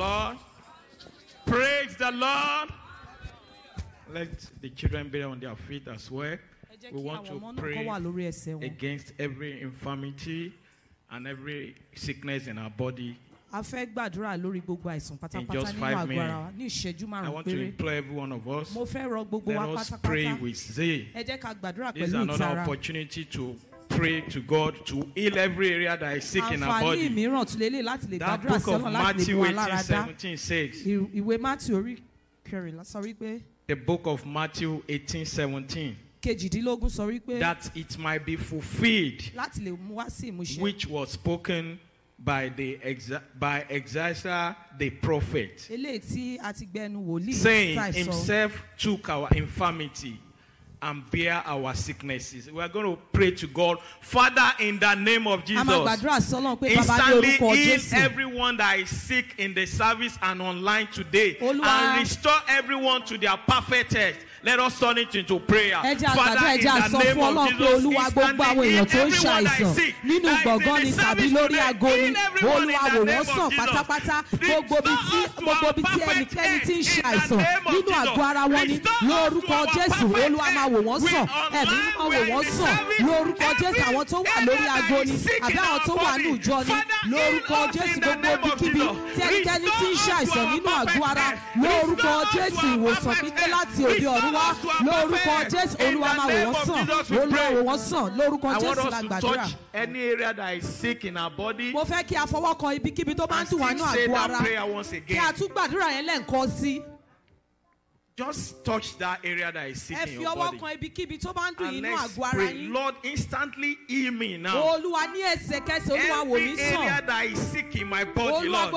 Lord. Praise the Lord. Let the children be on their feet as well. We want to pray against every infirmity and every sickness in our body In just five minutes, I want to nínú every one of us. Let us pray with fẹ́ This is another opportunity to. pray to God to heal every area that is sick in our body. mìíràn tún lélẹ̀ láti lè gbàdúrà sí Ọlọ́run láti lè bu alára That book of Matthew eighteen says. Ìwé Matthew orí kẹrìnlá sọ wípé. The book of Matthew eighteen seventeen. Kejìdínlógún sọ wípé. That it might be fulfilled. Láti lè mú wá sí ìmúṣẹ. Which was spoken by the exa by Exeter the prophet. Eléyìí tí a ti gbẹnu wòlíì. Saying himself took our infirmity and bear our sicknesses. We are going to pray to God, Father, in the name of Jesus. Instantly heal everyone that is sick in the service and online today, and restore everyone to their perfect health. let us turn it into prayer. ẹ jẹ́ àtàjọ ẹ jẹ́ àsọ fún ọlọ́run pé olúwa gbogbo àwọn èèyàn tó ń ṣàìsàn nínú gbọ̀ngàn ni tàbí lórí aago ni olúwa wò wọ́n sàn pátápátá gbogbo ibi tí ẹnikẹ́ni ti ń ṣàìsàn nínú àgọ́ ara wọn ni lórúkọ jésù olúwa máa wò wọ́n sàn ẹ̀mí máa wò wọ́n sàn lórúkọ jésù àwọn tó wà lórí aago ni àbí àwọn tó wà ní ìjọ ni lórúkọ jésù gbogbo ibikíbi tí ẹnikẹ́ni ti ń ṣàìsàn nínú àgọ́ ara lórúkọ jésù ìwòsàn pípé láti òde ọ̀run wa lórúkọ jésù olúwa máa wò wọ́n sàn olúwa wò wọ́n sàn lórúkọ jésù la gbàdúrà. any area that is sick in our body. mo fẹ́ kí a fọwọ́ kan ibikíbi tó bá ń dùn wá ní àgọ́ ara kí a tún gbàdúrà yẹn lẹ́ǹkan sí. Just touch that area that is sick in your body. And let's pray. Lord, instantly heal me now. Every area that is sick in my body, Lord.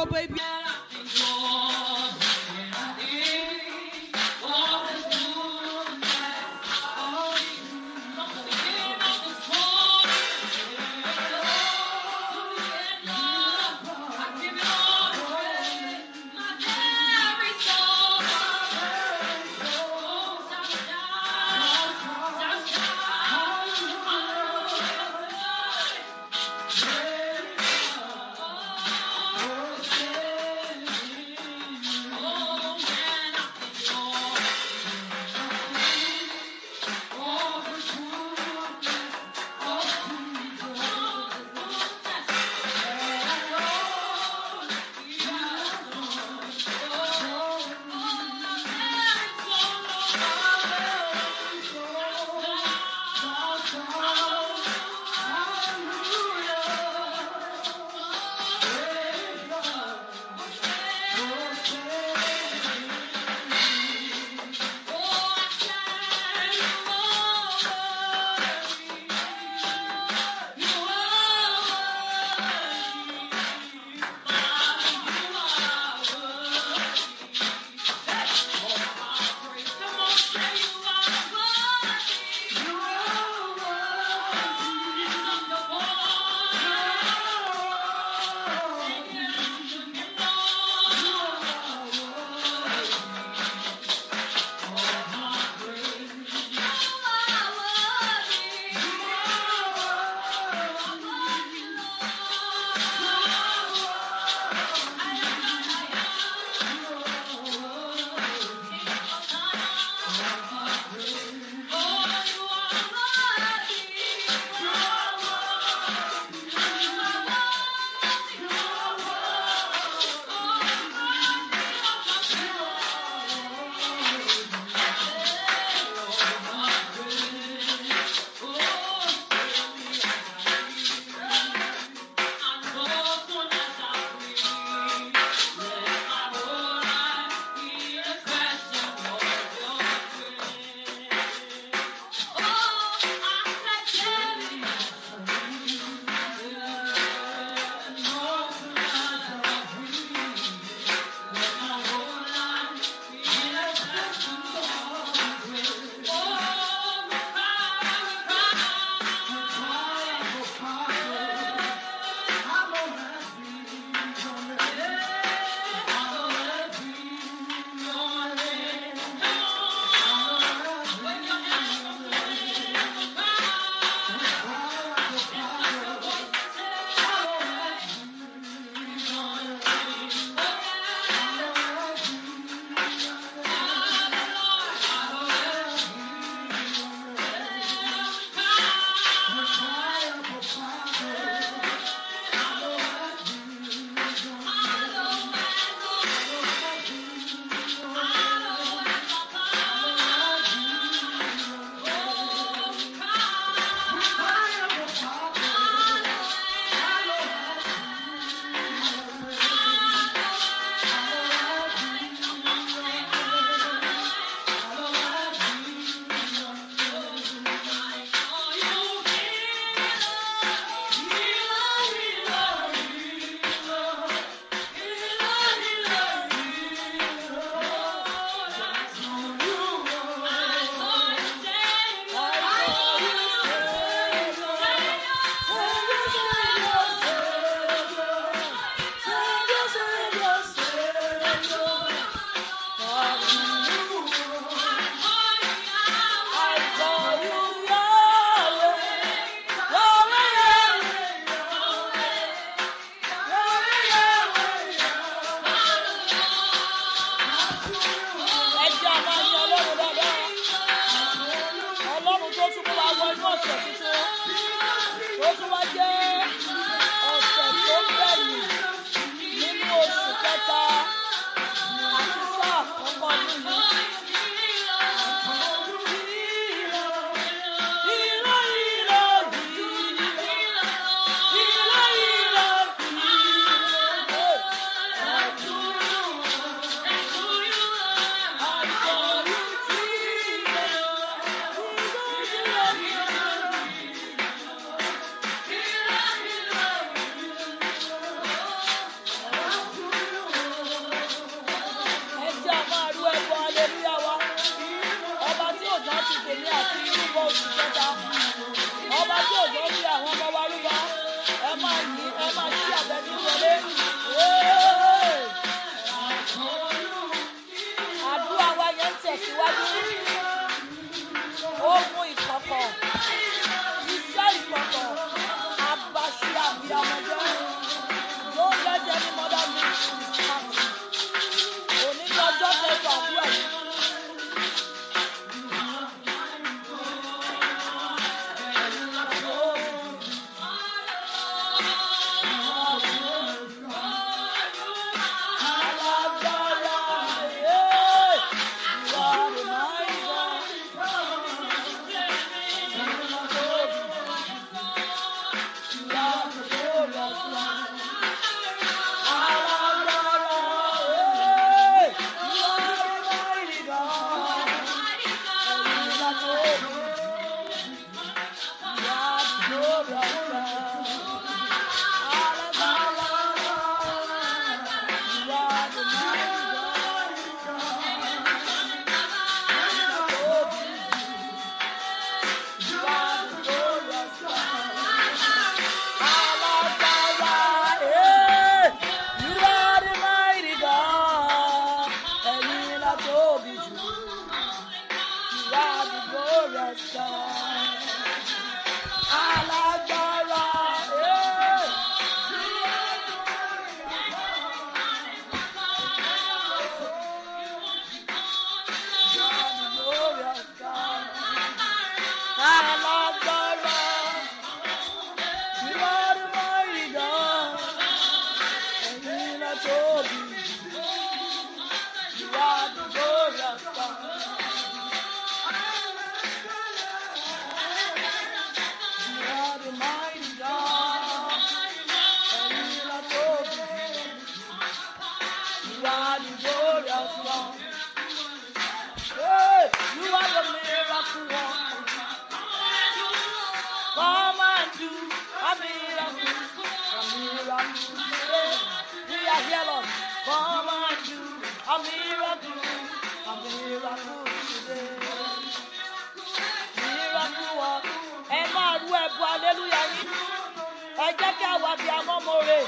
ẹ jẹ́ kí àwọn àbí àwọn ọmọ rẹ̀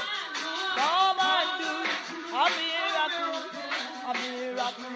kọ́ máa ń lu ìrakùn àbí ìrakùn.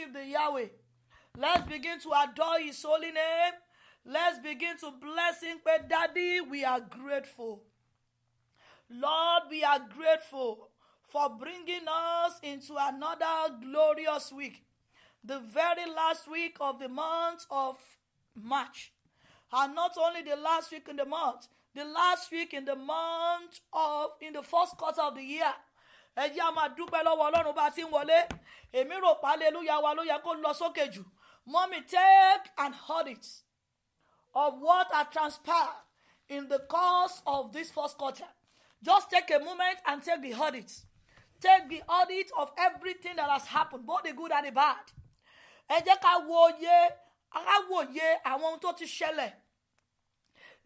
worship the Yahweh. Let's begin to adore His holy name. Let's begin to bless Him. But Daddy, we are grateful. Lord, we are grateful for bringing us into another glorious week, the very last week of the month of March. And not only the last week in the month, the last week in the month of, in the first quarter of the year ẹ a máa dúpẹ́ lọ́wọ́ ọlọ́run bá ti ń wọlé èmi rò pa aleluya wa ló yẹ kó lọ sókè jù mommy take an audit of what had transpired in the course of this first quarter just take a moment and take the audit take the audit of everything that has happened both the good and the bad ẹ ká wo iye ká wo iye àwọn ohun tó ti ṣẹlẹ̀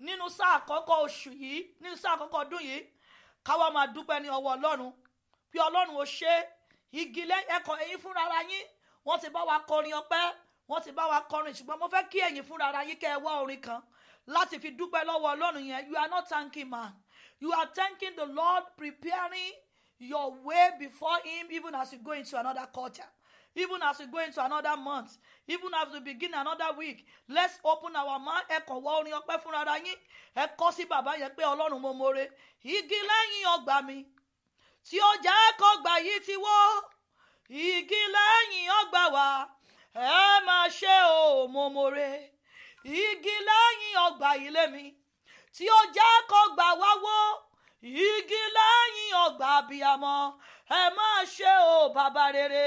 nínú sáà àkọ́kọ́ oṣù yìí nínú sáà àkọ́kọ́ ọdún yìí káwa máa dúpẹ́ ní ọwọ́ ọlọ́run pé ọlọ́run ò ṣe igi ẹ̀kọ́ ẹ̀yin fúnra ara yín wọ́n ti bá wa kọrin ọpẹ́ wọ́n ti bá wa kọrin ṣùgbọ́n mo fẹ́ kí ẹ̀yin fúnra ara yín kẹ́ ẹ wá orin kan láti fi dúpẹ́ lọ́wọ́ ọlọ́run yẹn you are not thanking man you are thanking the lord preparing your way before him even as you go into another culture even as we go into another month even as we begin another week let's open our mouth ẹ kàn wá orin ọpẹ́ fúnra ara yín ẹ kọ sí bàbá yẹn pé ọlọ́run mo more igi lẹ́yìn ọgbà mi tí ó jẹ́ kó gbà yìí ti wó igi lẹ́yìn ọgbà wá ẹ máa ṣe òmòmòre igi lẹ́yìn ọgbà ilé mi tí ó jẹ́ kó gbà wá wó igi lẹ́yìn ọgbà abiyamọ ẹ máa ṣe o bàbá rere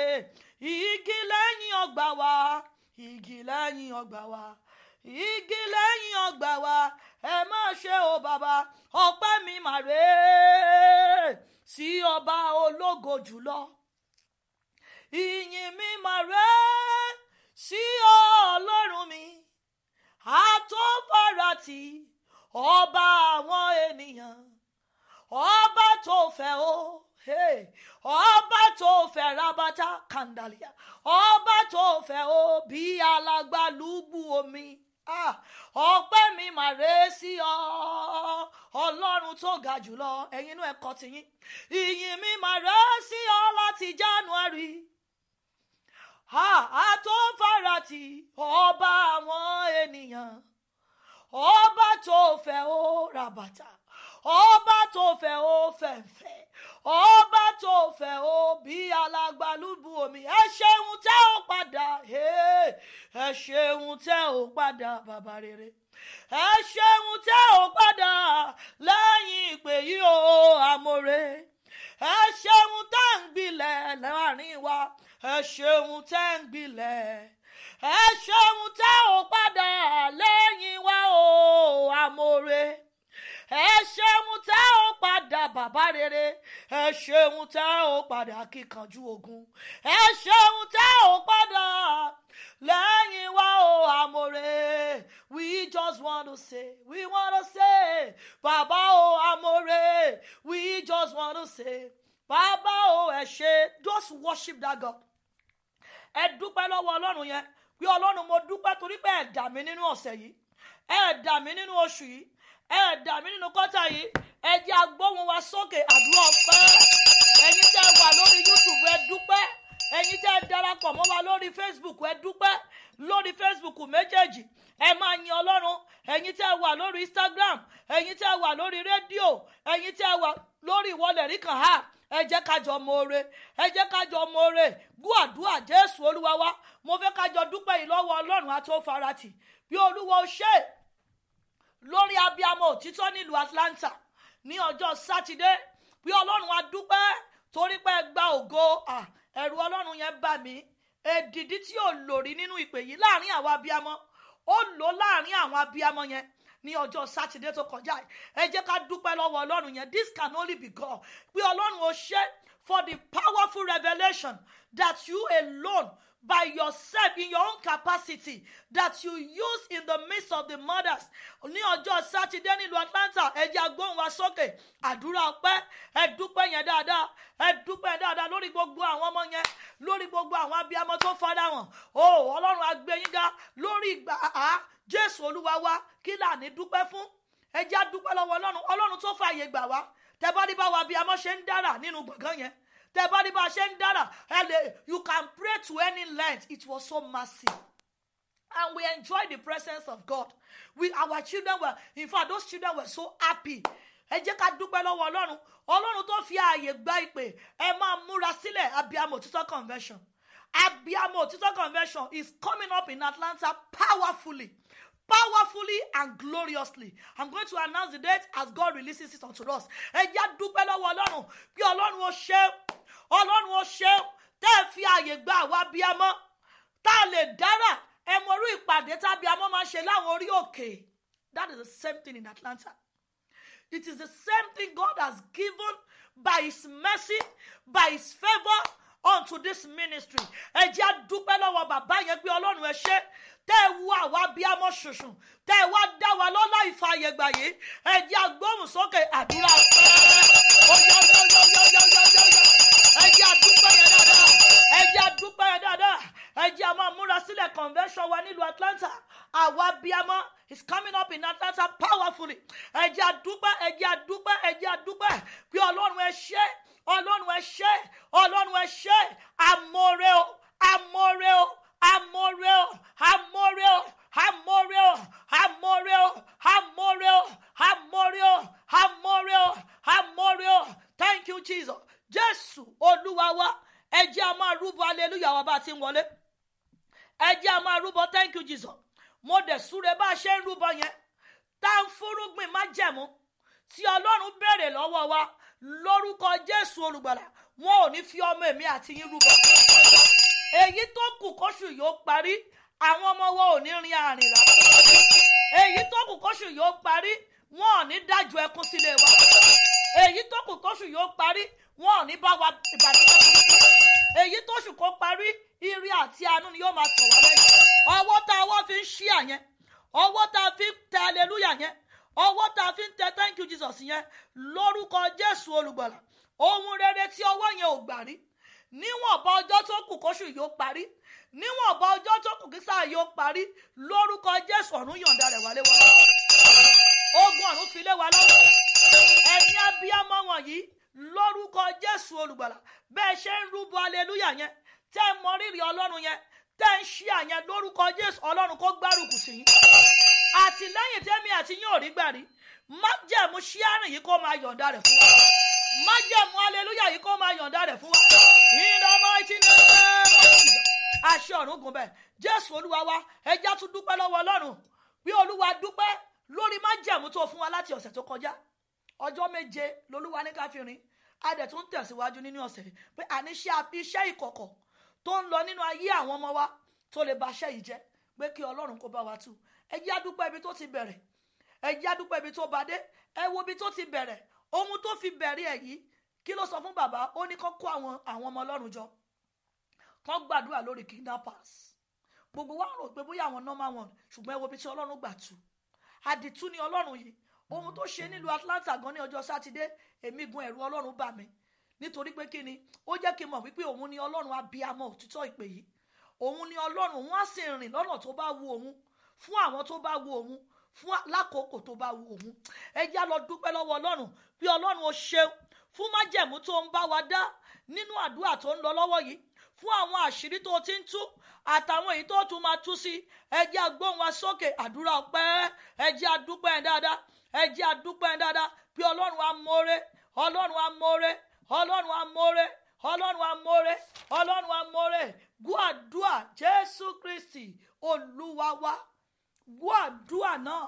igi lẹ́yìn ọgbà wá igi lẹ́yìn ọgbà wá igi lẹ́yìn ọgbà wá ẹ máa ṣe o bàbá ọpẹ́ mi mà sí ọba ológo jùlọ ìyìn mi mà rẹ sí ọlọ́run mi àtọ́fàràtì ọba àwọn ènìyàn ọba tó fẹ́ o. Oh ọba tó fẹ́ rabata kandalia ọba tó fẹ́ o bí alágbálúgbú omi Ah, ọpẹ́ mi mà rèé sí ọ ọlọ́run tó ga jùlọ ẹ̀yin inú ẹ̀kọ́ tiyín ìyìn mi mà rèé sí ọ láti january àtọ́fàràtì ah, ọba àwọn ènìyàn ọba tó fẹ́ ó ràbàtà ọba tó fẹ́ ó fẹ̀ǹfẹ̀ ọba tó fẹ́ o bí alágbálúbu omi ẹ ṣeun tẹ́ ò padà ẹ ṣeun tẹ́ ò padà bàbá rere ẹ ṣeun tẹ́ ò padà lẹ́yìn ìpè yìí o amore ẹ ṣeun tẹ́ ń gbilẹ̀ láàrin wa ẹ ṣeun tẹ́ ń gbilẹ̀ ẹ ṣeun tẹ́ ò padà lẹ́yìn wa o amore ẹ ṣeun tá ò padà bàbá rere ẹ ṣeun tá ò padà kíkanjú ogun ẹ ṣeun tá ò padà lẹ́yìn wá o amore we just want to say we want to say bàbá o amore we just want to say bàbá o ẹ ṣe just worship that God ẹ dúpẹ́ lọ́wọ́ ọlọ́run yẹn pé ọlọ́run mo dúpẹ́ torí pé ẹ dà mí nínú ọ̀sẹ̀ yìí ẹ dà mí nínú oṣù yìí ẹ dà mí nínú kọ́tà yìí ẹ jẹ́ agbóhùn wa sókè àdúrà ẹ̀yin tẹ́ wà lórí youtube ẹ dúpẹ́ ẹ̀yin tẹ́ darapọ̀ mọ́ facebook ẹ dúpẹ́ facebook méjèèjì ẹ máa yin ọlọ́run ẹ̀yin instagram ẹ̀yin tẹ́ wà lórí rédíò ẹ̀yin tẹ́ wà lórí ìwọlẹ̀ rí kàn á ẹ jẹ́ kájọ mọ̀ọ́rẹ́ ẹ jẹ́ kájọ mọ̀ọ́rẹ́ jésù olúwa wa mo fẹ́ kájọ dúpẹ́ yìí lọ́wọ́ ọlọ́run àti ó lórí abiyamọ òtítọ́ nílùú Atlanta ní ọjọ́ sátidé bí ọlọ́run a dúpẹ́ torí pé gba ògo ẹ̀rù ọlọ́run yẹn bà mí èdìdí tí ò lòrí nínú ìpè yìí láàrin àwọn abiyamọ ó lò láàrin àwọn abiyamọ yẹn ní ọjọ́ sátidé tó kọjá yìí ẹ jẹ́ ká dúpẹ́ lọ́wọ́ ọlọ́run yẹn this can only be God pé ọlọ́run ó ṣe for the powerful revelation that you alone by yourself in your own capacity that you use in the midst of the mothers ní ọjọ́ sátidé nílùú atlanta ẹ̀jẹ̀ agbóhùn wa sókè àdúrà ọpẹ́ ẹ dúpẹ́ yẹn dáadáa ẹ dúpẹ́ yẹn dáadáa lórí gbogbo àwọn ọmọ yẹn lórí gbogbo àwọn abiyamọ tó fara wọn o ọlọ́run agbẹ́yìnká lórí ìgbà àá jésù olúwa wa kí là ní dúpẹ́ fún ẹ̀jẹ̀ adúpẹ́ lọ́wọ́ ọlọ́run ọlọ́run tó fààyè gbà wá tẹ́ bá rí báwa abiyamọ ṣe ń dára nínú gbọ̀ngàn yẹn The body by Shendara, and ṣe uh, you can pray to any length it was so massive and we enjoyed the presence of God we our children were in fact those children were so happy ẹ jẹ́ ká dúpẹ́ lọ́wọ́ ọlọ́run ọlọ́run tó fi ààyè gba ìpè ẹ máa múra sílẹ̀ abiyamọ títọ́ convention abiyamọ títọ́ convention is coming up in Atlanta powerfully powerfully and gloriously i'm going to announce the date as god releases it unto us ẹ jẹ́ dúpẹ́ lọ́wọ́ ọlọ́run bí ọlọ́run ó ṣe ọlọ́run ó ṣe tẹ́ ẹ fi ààyè gba àwa abiyamọ tá a lè dára ẹ mọ orí ìpàdé tábí amọ́ máa ṣe láwọn orí òkè that is the same thing in Atlanta it is the same thing God has given by his mercy by his favour unto this ministry ẹ jẹ́ a dúpẹ́ lọ́wọ́ bàbá yẹn pé ọlọ́run ẹ ṣé tẹ́ ẹ wú àwa abiyamọ ṣùṣùn tẹ́ ẹ wá dá wa lọ́lá ìfàyègbà yìí ẹ jẹ́ a gbóhùn sókè àdúrà ọ̀yọ̀yọ̀yọ̀yọ̀yọ̀yọ̀ jẹ́ àdúpẹ́ yẹn dáadáa ẹ jẹ́ àdúpẹ́ yẹn dáadáa ẹ jẹ́ àmọ́ múra convention wa nílùú Atlanta àwa bíamọ́ is coming up in Atlanta powerfully ẹ jẹ́ àdúpẹ́ ẹ jẹ́ àdúpẹ́ ẹ jẹ́ àdúpẹ́ pé Ọlọ́run ẹ ṣé Ọlọ́run ẹ ṣé Ọlọ́run ẹ ṣé àmọ́re o àmọ́re o àmọ́re o àmọ́re o àmọ́re o àmọ́re o àmọ́re o àmọ́re o àmọ́re o àmọ́re o thank you Jesus jésù olúwa wa ẹ jẹ́ a máa rúbọ aleluya wa bá a ti ń wọlé ẹ a máa rúbọ thank you jesus mo dẹ̀ súre bá a ṣe ń rúbọ yẹn tá a ń fúrúgbìn má jẹ̀mú tí ọlọ́run béèrè lọ́wọ́ wa lórúkọ jésù olùgbàlà wọn ò ní fi ọmọ èmi àti yín rúbọ èyí tó kù kóṣù yóò parí àwọn ọmọ wa ò ní rin àrìn rà èyí tó kù kóṣù yóò parí wọn ò ní dájú ẹkún sílé wa èyí tó kù kóṣù yóò parí wọn ò ní bá wa ìbànújẹ́ èyí tó ṣù kó parí ire àti àánú ni yóò máa tọ̀ wá lẹ́yìn ọwọ́ tá ọwọ́ fi ń ṣíà yẹn ọwọ́ tá a fi ń tẹ aleluya yẹn ọwọ́ tá a fi ń tẹ thank you jesus yẹn lórúkọ jésù olùgbàlà ohun rere tí ọwọ́ yẹn ò gbà rí níwọ̀nba ọjọ́ tó kù kóṣù yóò parí níwọ̀nba ọjọ́ tó kù kí sáà yóò parí lórúkọ jésù ọ̀run yọ̀ǹda rẹ̀ wálé wọlé ogun ọ̀run fi lé wa lọ́wọ́ ẹ̀yin abiyamọ wọ̀nyí lórúkọ jésù olùgbàlà bẹ́ẹ̀ ṣe ń rúbọ aleluya yẹn tẹ́ ẹ mọ rírì ọlọ́run yẹn tẹ́ ń ṣí àyẹn lórúkọ jésù ọlọ́run kó gbárùkù sí yín àtìlẹ́yìn tẹ́mi àti yín ò rí gbà rí májẹ̀mú ṣíárìn yìí kó máa yọ̀ǹda rẹ̀ fún wa májẹ̀mú aleluya yìí kó máa yọ̀ǹda rẹ̀ fún wa ìdánmọ́ ìtìlẹ́ àṣẹ ọ̀run gùn bẹ́ẹ̀ jésù olúwa wa ẹja tún dúpẹ́ lọ́wọ́ ọlọ́run bí olúwa dúpẹ́ lórí májẹ̀mú tó fún wa láti ọ̀sẹ̀ tó kọjá ọjọ́ méje lolúwa ní ká a dẹ̀ tún tẹ̀síwájú nínú ọ̀sẹ̀ pé àníṣe àbí iṣẹ́ ìkọ̀kọ̀ tó ń lọ nínú ayé àwọn ọmọ wa tó lè ba iṣẹ́ yìí jẹ́ pé kí ọlọ́run kó bá wa tú ẹ jẹ́ á dúpẹ́ ibi tó ti bẹ̀rẹ̀ ẹ jẹ́ á dúpẹ́ ibi tó bá dé ẹ wo ibi tó ti bẹ̀rẹ̀ ohun tó fi bẹ̀rẹ̀ ẹ̀ yìí kí ló sọ fún bàbá ó ní kó kó àwọn àwọn ọmọ ọlọ́run jọ kán gbàdúrà lórí kidnappers gbogbo wa rò pé bóyá àwọn normal one ṣùgbọ́n ẹ wo ibi tí ọlọ́run gbà tú àdìtú ni ọlọ́run yìí ohun tó ṣe nílùú Atlanta gan ní ọjọ́ sátidé èmi gun ẹ̀rù ọlọ́run bà mí nítorí pé kí ni ó jẹ́ kí n mọ̀ wípé òun ni ọlọ́run abiyamọ òtítọ́ ìpè yìí òun ni ọlọ́run wọ́n á sì rìn lọ́nà tó bá wu òun fún àwọn tó bá wu òun fún lákòókò tó bá wu òun ẹ já lọ dúpẹ́ lọ́wọ́ ọlọ́run bí ọlọ́run ó ṣeun fún májẹ̀mú tó ń bá wa dá nínú àdúrà tó ń lọ lọ́wọ́ yìí fún àwọn àṣírí tó ti ń tú àtàwọn èyí tó tún máa tú sí ẹ jẹ́ agbóhùn wa sókè àdúrà ọpẹ́ ẹ jẹ́ adúpẹ́ dáadáa ẹ jẹ́ àdúpẹ́ dáadáa pé ọlọ́run amóore ọlọ́run amóore ọlọ́run amóore ọlọ́run amóore ọlọ́run amóore gbọ́dúà jésù kristi olúwa wa gbọ́dúà náà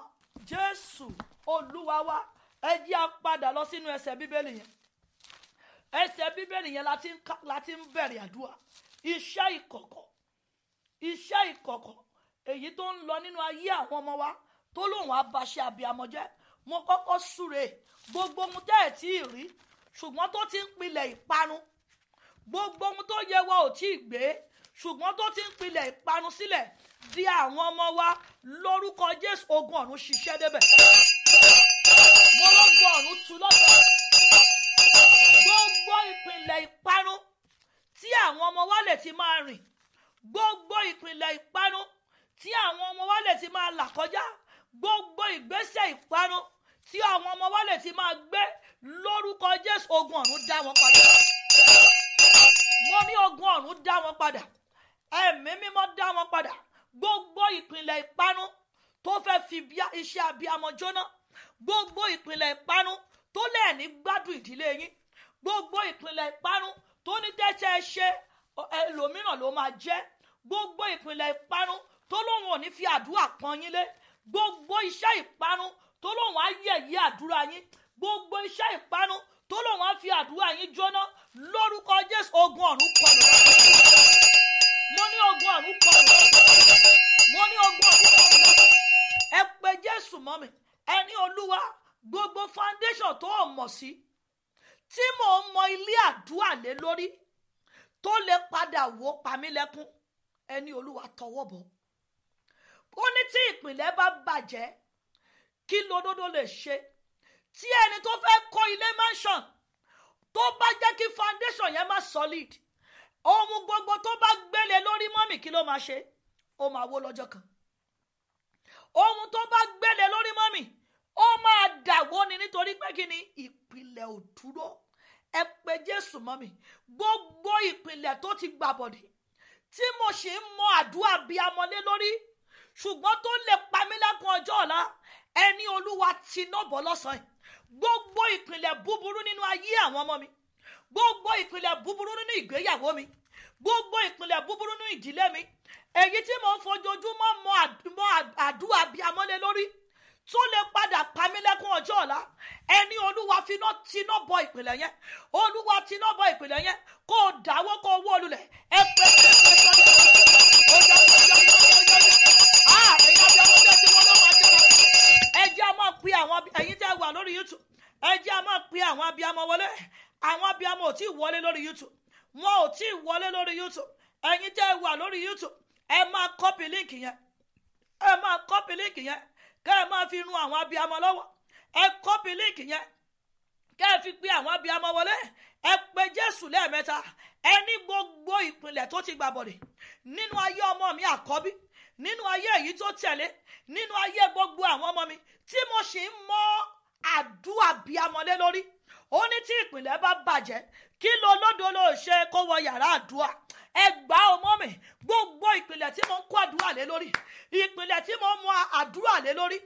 jésù olúwa wa ẹ jẹ́ àpadà lọ sínú ẹsẹ̀ bíbélì yẹn ẹsẹ̀ bíbélì yẹn la ti ń bẹ̀rẹ̀ àdúrà iṣẹ́ ìkọ̀kọ̀ iṣẹ́ ìkọ̀kọ̀ èyí tó ń lọ nínú ayé àwọn ọmọ wa tó lóun àbàṣe àbíamọ jẹ́ mo kọ́kọ́ súre gbogbo ohun tẹ́ ẹ̀ tí ì rí ṣùgbọ́n tó ti ń pilẹ̀ ìparun gbogbo ohun tó yẹ wa ò tí ì gbé ṣùgbọ́n tó ti ń pilẹ̀ ìparun sílẹ̀ di àwọn ọmọ wa lórúkọ Jésù ogun ọ̀run ṣiṣẹ́ débẹ̀ mo lọ́gbọ̀n ọ̀run tu lọ́sọ̀ gbogbo ìpìlẹ̀ ìparun tí àwọn ọmọ wa lè ti máa rìn gbogbo ìpìlẹ̀ ìparun tí àwọn ọmọ wa lè ti máa là kọjá gbogbo ìgbésẹ̀ ìparun tí àwọn ọmọ wa lè ti máa gbé lórúkọ jésù ogun ọ̀run dá wọn padà mo ní ogun ọ̀run dá wọn padà ẹ̀mí mímọ́ dá wọn padà gbogbo ìpìlẹ̀ ìparun tó fẹ́ fi iṣẹ́ abiyamọ jóná gbogbo ìpìlẹ̀ ìparun tó lè ní gbádùn ìdílé yín gbogbo ìpìlẹ̀ ìparun tó ní tẹ́tẹ́ ṣe ẹlòmíràn ló máa jẹ́ gbogbo ìpìlẹ̀ ìparun tó lóun ò ní fi àdúrà pọ́n yín lé gbogbo iṣẹ́ ìparun tó lóun á yẹ̀yẹ́ àdúrà yín gbogbo iṣẹ́ ìparun tó lóun á fi àdúrà yín jóná lórúkọ jésù ogun ọ̀run kọlù mo ní ogun ọ̀run kọlù mo ní ogun ọ̀run kọlù ẹ pé jésù mọ́ mi ẹ olúwa gbogbo foundation tó o mọ̀ sí tí mò ń mọ ilé àdúrà lé lórí tó lè padà wó pamílẹ́kún ẹ olúwa tọwọ́ bọ̀ ó ní tí ìpìlẹ̀ bá bàjẹ́ kí lódodo lè ṣe tí ẹni tó fẹ́ kọ́ ilé mansion tó bá jẹ́ kí foundation yẹn má solid ohun gbogbo tó bá gbélé lórí mọ́mì kí ló máa ṣe ó máa wó lọ́jọ́ kan ohun tó bá gbélé lórí mọ́mì ó máa dàwó ni nítorí pé kí ni ìpìlẹ̀ ò dúró ẹ pé Jésù mọ́mì gbogbo ìpìlẹ̀ tó ti gbàbọ̀dì tí mo sì ń mọ àdúrà bíi amọ̀lé lórí ṣùgbọ́n tó lè pa mí lẹ́kùn ọjọ́ ọ̀la ẹni olúwa ti ná bọ́ lọ́sàn-án gbogbo ìpìlẹ̀ búburú nínú ayé àwọn ọmọ mi gbogbo ìpìlẹ̀ búburú nínú ìgbéyàwó mi gbogbo ìpìlẹ̀ búburú nínú ìdílé mi èyí tí mò ń fojoojúmọ́ mọ àdúrà bíi amọ́lé lórí tó lè padà pamílẹ́kùn ọjọ́ ọ̀la ẹni olúwa finá tiná bọ ìpìlẹ̀ yẹn olúwa tiná bọ ìpìlẹ̀ yẹn kó o dáwọ́ kó o wó olulẹ̀ ẹ pẹ́ pẹ́ pẹ́ pẹ́ pẹ́ pẹ́ pẹ́ pẹ́ pẹ́ pẹ́ pẹ́ pẹ́ pẹ́ pe àwọn ẹ̀yin tẹ́ wà lórí youtube ẹ jẹ́ a máa pe àwọn abiyamọ wọlé àwọn abiyamọ ò tí ì wọlé lórí youtube wọn ò tí ì wọlé lórí youtube ẹ̀yin tẹ́ wà lórí youtube ẹ máa kọ́pì líǹkì yẹn ẹ máa kọ́pì líǹkì yẹn kẹ́ ẹ máa fi ran àwọn abiyamọ lọ́wọ́ ẹ kọ́pì líǹkì yẹn kẹ́ ẹ fi pe àwọn abiyamọ wọlé ẹ pe jésù lẹ́ẹ̀mẹ́ta ẹ ní gbogbo ìpìlẹ̀ tó ti gbàbọ̀dẹ̀ nínú ayé ọmọ mi àkọ́bí nínú ayé èyí tó tẹ̀lé nínú ayé gbogbo àwọn ọmọ mi tí mo sì ń mọ àdúrà bí amọ̀lé lórí ó ní tí ìpìlẹ̀ bá bàjẹ́ kí lolódo ló ṣe kó wọ yàrá àdúrà ẹ gbà ọmọ mi gbogbo ìpìlẹ̀ tí mo ń kó àdúrà lé lórí ìpìlẹ̀ tí mo ń mú àdúrà lé lórí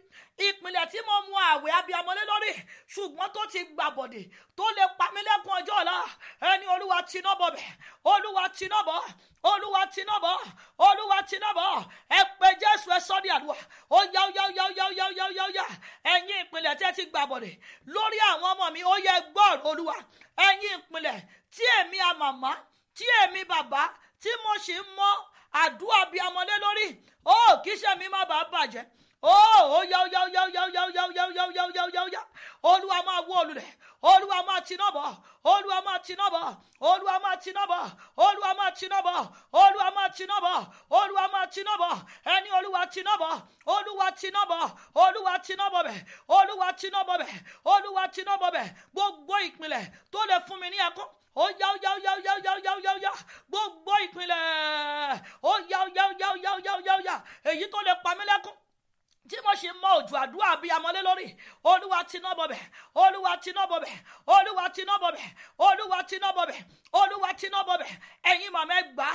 ìpìlẹ̀ tí mo ń mú àwẹ̀ abiyamọ lé lórí ṣùgbọ́n tó ti gbàbọ̀dè tó lè pa mí lẹ́kùn ọjọ́ ọ̀la ẹni olúwa tiná bọ̀ bẹ̀ olúwa tiná bọ̀ olúwa tiná bọ̀ olúwa tiná bọ̀ ẹ pé jésù ẹ sọ́ ní àdúrà ó yá ó yá ó yá ó yá ó yá ó yá ó yá ó yá ẹ̀yin ìpìlẹ̀ tẹ́ ti gbàbọ̀dè lórí àwọn ọmọ mi ó yẹ gbọ́ọ̀rọ̀ olúwa ẹ̀yin ìpìlẹ̀ tí èmi àmàmá tí èmi bàbá tí mo sì ń mọ àdúrà bíi amọ̀lé lórí ó kì mi má bàa bàjẹ́ ó yá ó yá ó yá ó yá ó yá ó yá ó yá ó yá ó yá ó yá ó yá ó yá olúwa máa wó olùlẹ̀ olúwa máa tiná bọ̀ olúwa máa tiná bọ̀ olúwa máa tiná bọ̀ olúwa máa tiná bọ̀ olúwa máa tiná bọ̀ olúwa máa tiná bọ̀ ẹni olúwa tiná bọ̀ olúwa tiná bọ̀ olúwa tiná bọ̀ bẹ̀ olúwa tiná bọ̀ bẹ̀ olúwa tiná bọ̀ bẹ̀ gbogbo ìpìlẹ̀ tó lè fún mi ní ẹkún ó yá ó yá ó yá ó yá yá gbogbo ìpínlẹ̀ ó yá ó yá ó yá yá èyí tó lè pa tí mo ṣe mọ òjò àdúrà abiyamọlé lórí olúwa tiná bọbẹ olúwa tiná bọbẹ olúwa tiná bọbẹ olúwa tiná bọbẹ olúwa tiná bọbẹ ẹ̀yin màmá ẹ gbà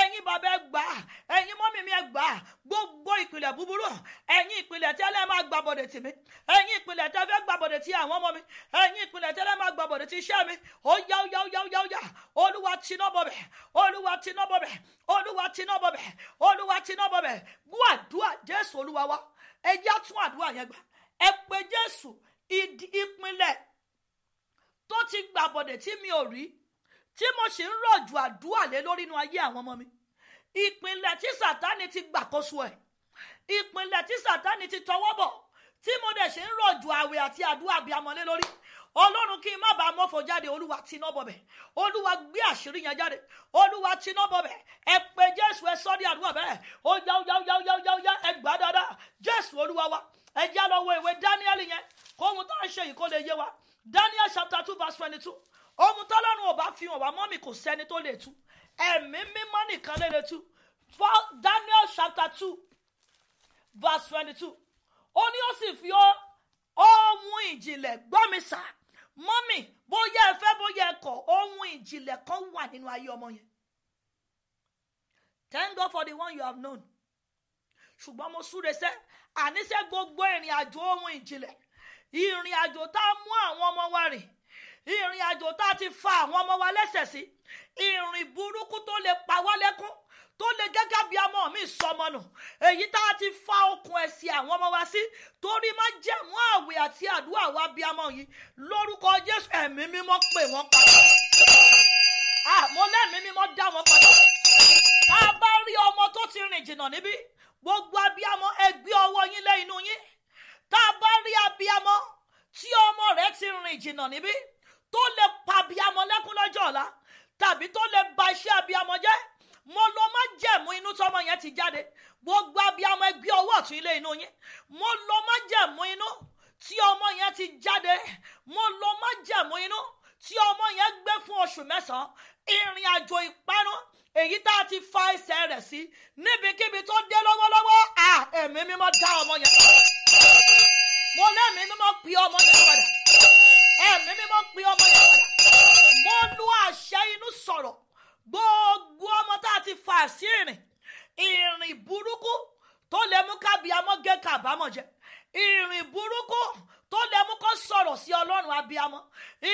ẹ̀yin bàbá ẹ gbà ẹ̀yin mọ́mí mi ẹ gbà gbogbo ìpìlẹ̀ búburú ẹ̀yin ìpìlẹ̀ tẹ́lẹ̀ máa gbà bọ̀dẹ̀ tì mí ẹ̀yin ìpìlẹ̀ tẹ́ fẹ́ gbà bọ̀dẹ̀ ti àwọn ọmọ mi ẹ̀yin ìpìlẹ̀ tẹ́lẹ̀ máa gbà bọ̀dẹ̀ ti iṣẹ́ mi ó yá ó yá ó yá ó yá ó yá olúwa tiná bọbẹ olúwa tiná bọbẹ olúwa tiná bọbẹ olúwa tiná bọbẹ gbọ́ àdúrà jésù olúwa wa ẹ jẹ́ àtún àdúrà yẹn gbà ẹ pé jésù ìpínlẹ̀ tó ti gbàbọ̀dẹ̀ tí mi ò rí tí mo sì ń rọ̀jò àdúrà lé lórí inú ayé àwọn ọmọ mi ìpínlẹ̀ tí sàtánì ti gbàkóso ẹ̀ ìpínlẹ̀ tí sàtánì ti tọwọ́ bọ̀ tí mo dẹ̀ sì ń rọ̀jò àwẹ̀ àti àdúrà bí amọ̀lé lórí ọlọ́run kí n má bàa mọ́fọ̀ jáde olúwa tiná bọ̀bẹ̀ olúwa gbé àṣírí yẹn jáde olúwa tiná bọ̀bẹ̀ ẹ pé jésù ẹ sọ́ ní àdúrà bẹ́ẹ̀ ó yá ó yá ó yá ó yá ó yá ó yá ẹ gbà dáadáa jésù olúwa wa ẹ já lọ wo ìwé dáníẹ́lì yẹn kóhun tá à ń ṣe yìí kó lè yé wa daniel chapter two verse twenty two ohun tọ́lọ́run ò bá fi hàn wá mọ́mì kò sẹ́ni tó lè tú ẹ̀mí mímọ́ nìkan lè lè tú daniel chapter two verse twenty two ó ní ó sì fi ohun ìjìnlẹ̀ gbọ́ mi sáà mọ́mì bóyá ẹ fẹ́ bóyá ẹ kọ̀ ohun ìjìnlẹ̀ kan wà nínú ayé ọmọ yẹn thank God for the one you have known ṣùgbọ́n mo súre sẹ́ àníṣe gbogbo ìrìn àjò ohun ìjìnlẹ̀ ìrìn àjò tá a mú àwọn ọmọ wa rìn ìrìn àjò tá a ti fa àwọn ọmọ wa lẹ́sẹ̀ sí ìrìn burúkú tó lè pa wá lẹ́kún tó lè gẹ́gẹ́ bí ọmọ mi sọmọ nù èyí tá a ti fa okùn ẹ̀sìn àwọn ọmọ wa sí torí má jẹ̀mú àwẹ̀ àti àdúrà wa bí ọmọ yìí lórúkọ Jésù ẹ̀mí mímọ́ pè wọ́n padà àmọ́ lẹ́mí mímọ́ dá wọn padà tá a bá rí ọmọ tó ti rìn jìnnà níbí gbogbo abiyamọ ẹ gbé yín lé inú yín tá a bá rí abiyamọ tí ọmọ rẹ̀ ti rìn jìnnà níbí tó lè pa abiyamọ lẹ́kún lọ́jọ́ ọ̀la tàbí tó lè ba iṣẹ́ abiyamọ jẹ́ mo lo májẹ̀mú inú tọmọ yẹn ti jáde gbogbo abiyamọ ẹgbẹ́ ọwọ́ ọ̀tún ilé inú yín mo lo májẹ̀mú inú tí ọmọ yẹn ti jáde mo lo májẹ̀mú inú tí ọmọ yẹn gbé fún oṣù mẹ́sàn-án ìrìn àjò ìparun èyí tá a ti fa ẹsẹ̀ rẹ̀ sí níbikíbi tó dé lọ́wọ́lọ́wọ́ à ẹ̀mí mímọ́ dá ọmọ yẹn mo lẹ́mí mímọ́ pe ọmọ yẹn padà ẹ̀mí mímọ́ pe ọmọ yẹn padà mo lu àṣẹ inú sọ̀rọ̀ gbogbo ọmọ tá a ti fà sí ìrìn ìrìn burúkú tó lè mú kábíamọ́ gé kábàámọ̀ jẹ ìrìn burúkú tó lè mú kó sọ̀rọ̀ sí ọlọ́run abiyamọ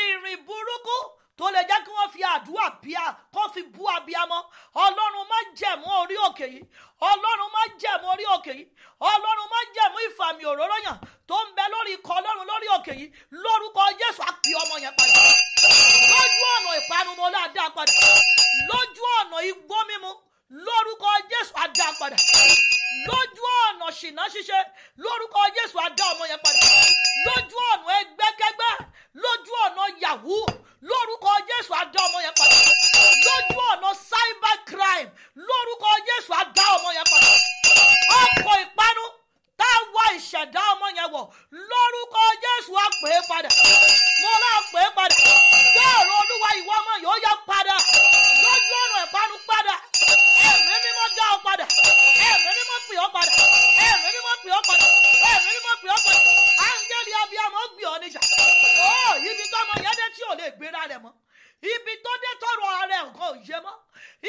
ìrìn burúkú tó lè jẹ́ kí wọ́n fi àdúrà bíà kó fi bú abiyamọ ọlọ́run má jẹ̀mú orí òkè yìí ọlọ́run má jẹ̀mú orí òkè yìí ọlọ́run má jẹ̀mú ìfàmì òróró yàn tó ń bẹ lórí ikọ̀ ọlọ́run lórí òkè yìí lórúkọ jésù á pè ọmọ yẹn padà lójú ọ̀nà ìparun mo láàdá padà lójú ọ̀nà igbó mímu lórúkọ jésù á dá padà lójú ọ̀nà ṣìnà ṣíṣe lórúkọ jésù á ọmọ yẹn padà lójú ọ̀nà ẹgbẹ́kẹ́gbẹ́ lójú ọ̀nà yahoo lórúkọ jésù adá ọmọ yẹn padà lójú ọ̀nà cyber crime lórúkọ jésù adá ọmọ yẹn padà ọkọ̀ ìparun tá a wá ìṣẹ̀dá ọmọ yẹn wọ̀ lórúkọ jésù á pè é padà mo rà pè é padà gbọ́ọ̀rọ̀ olúwa ìwọ ọmọ yóò yá padà lójú ọ̀nà ìpanu padà ẹ̀mí mímọ́ dá ọ padà ẹ̀mí mímọ́ pè ọ padà ẹ̀mí mímọ́ pè ọ padà ẹ̀mí mímọ́ pè ọ padà áńgẹ́lì abiyamọ gbìyànjú ìjà ó ibi tó ọmọ yẹn dé tí ò lè gbéra rẹ̀ mọ́ ibi tó dé tọrọ ara ẹ̀ nǹkan ò yé mọ́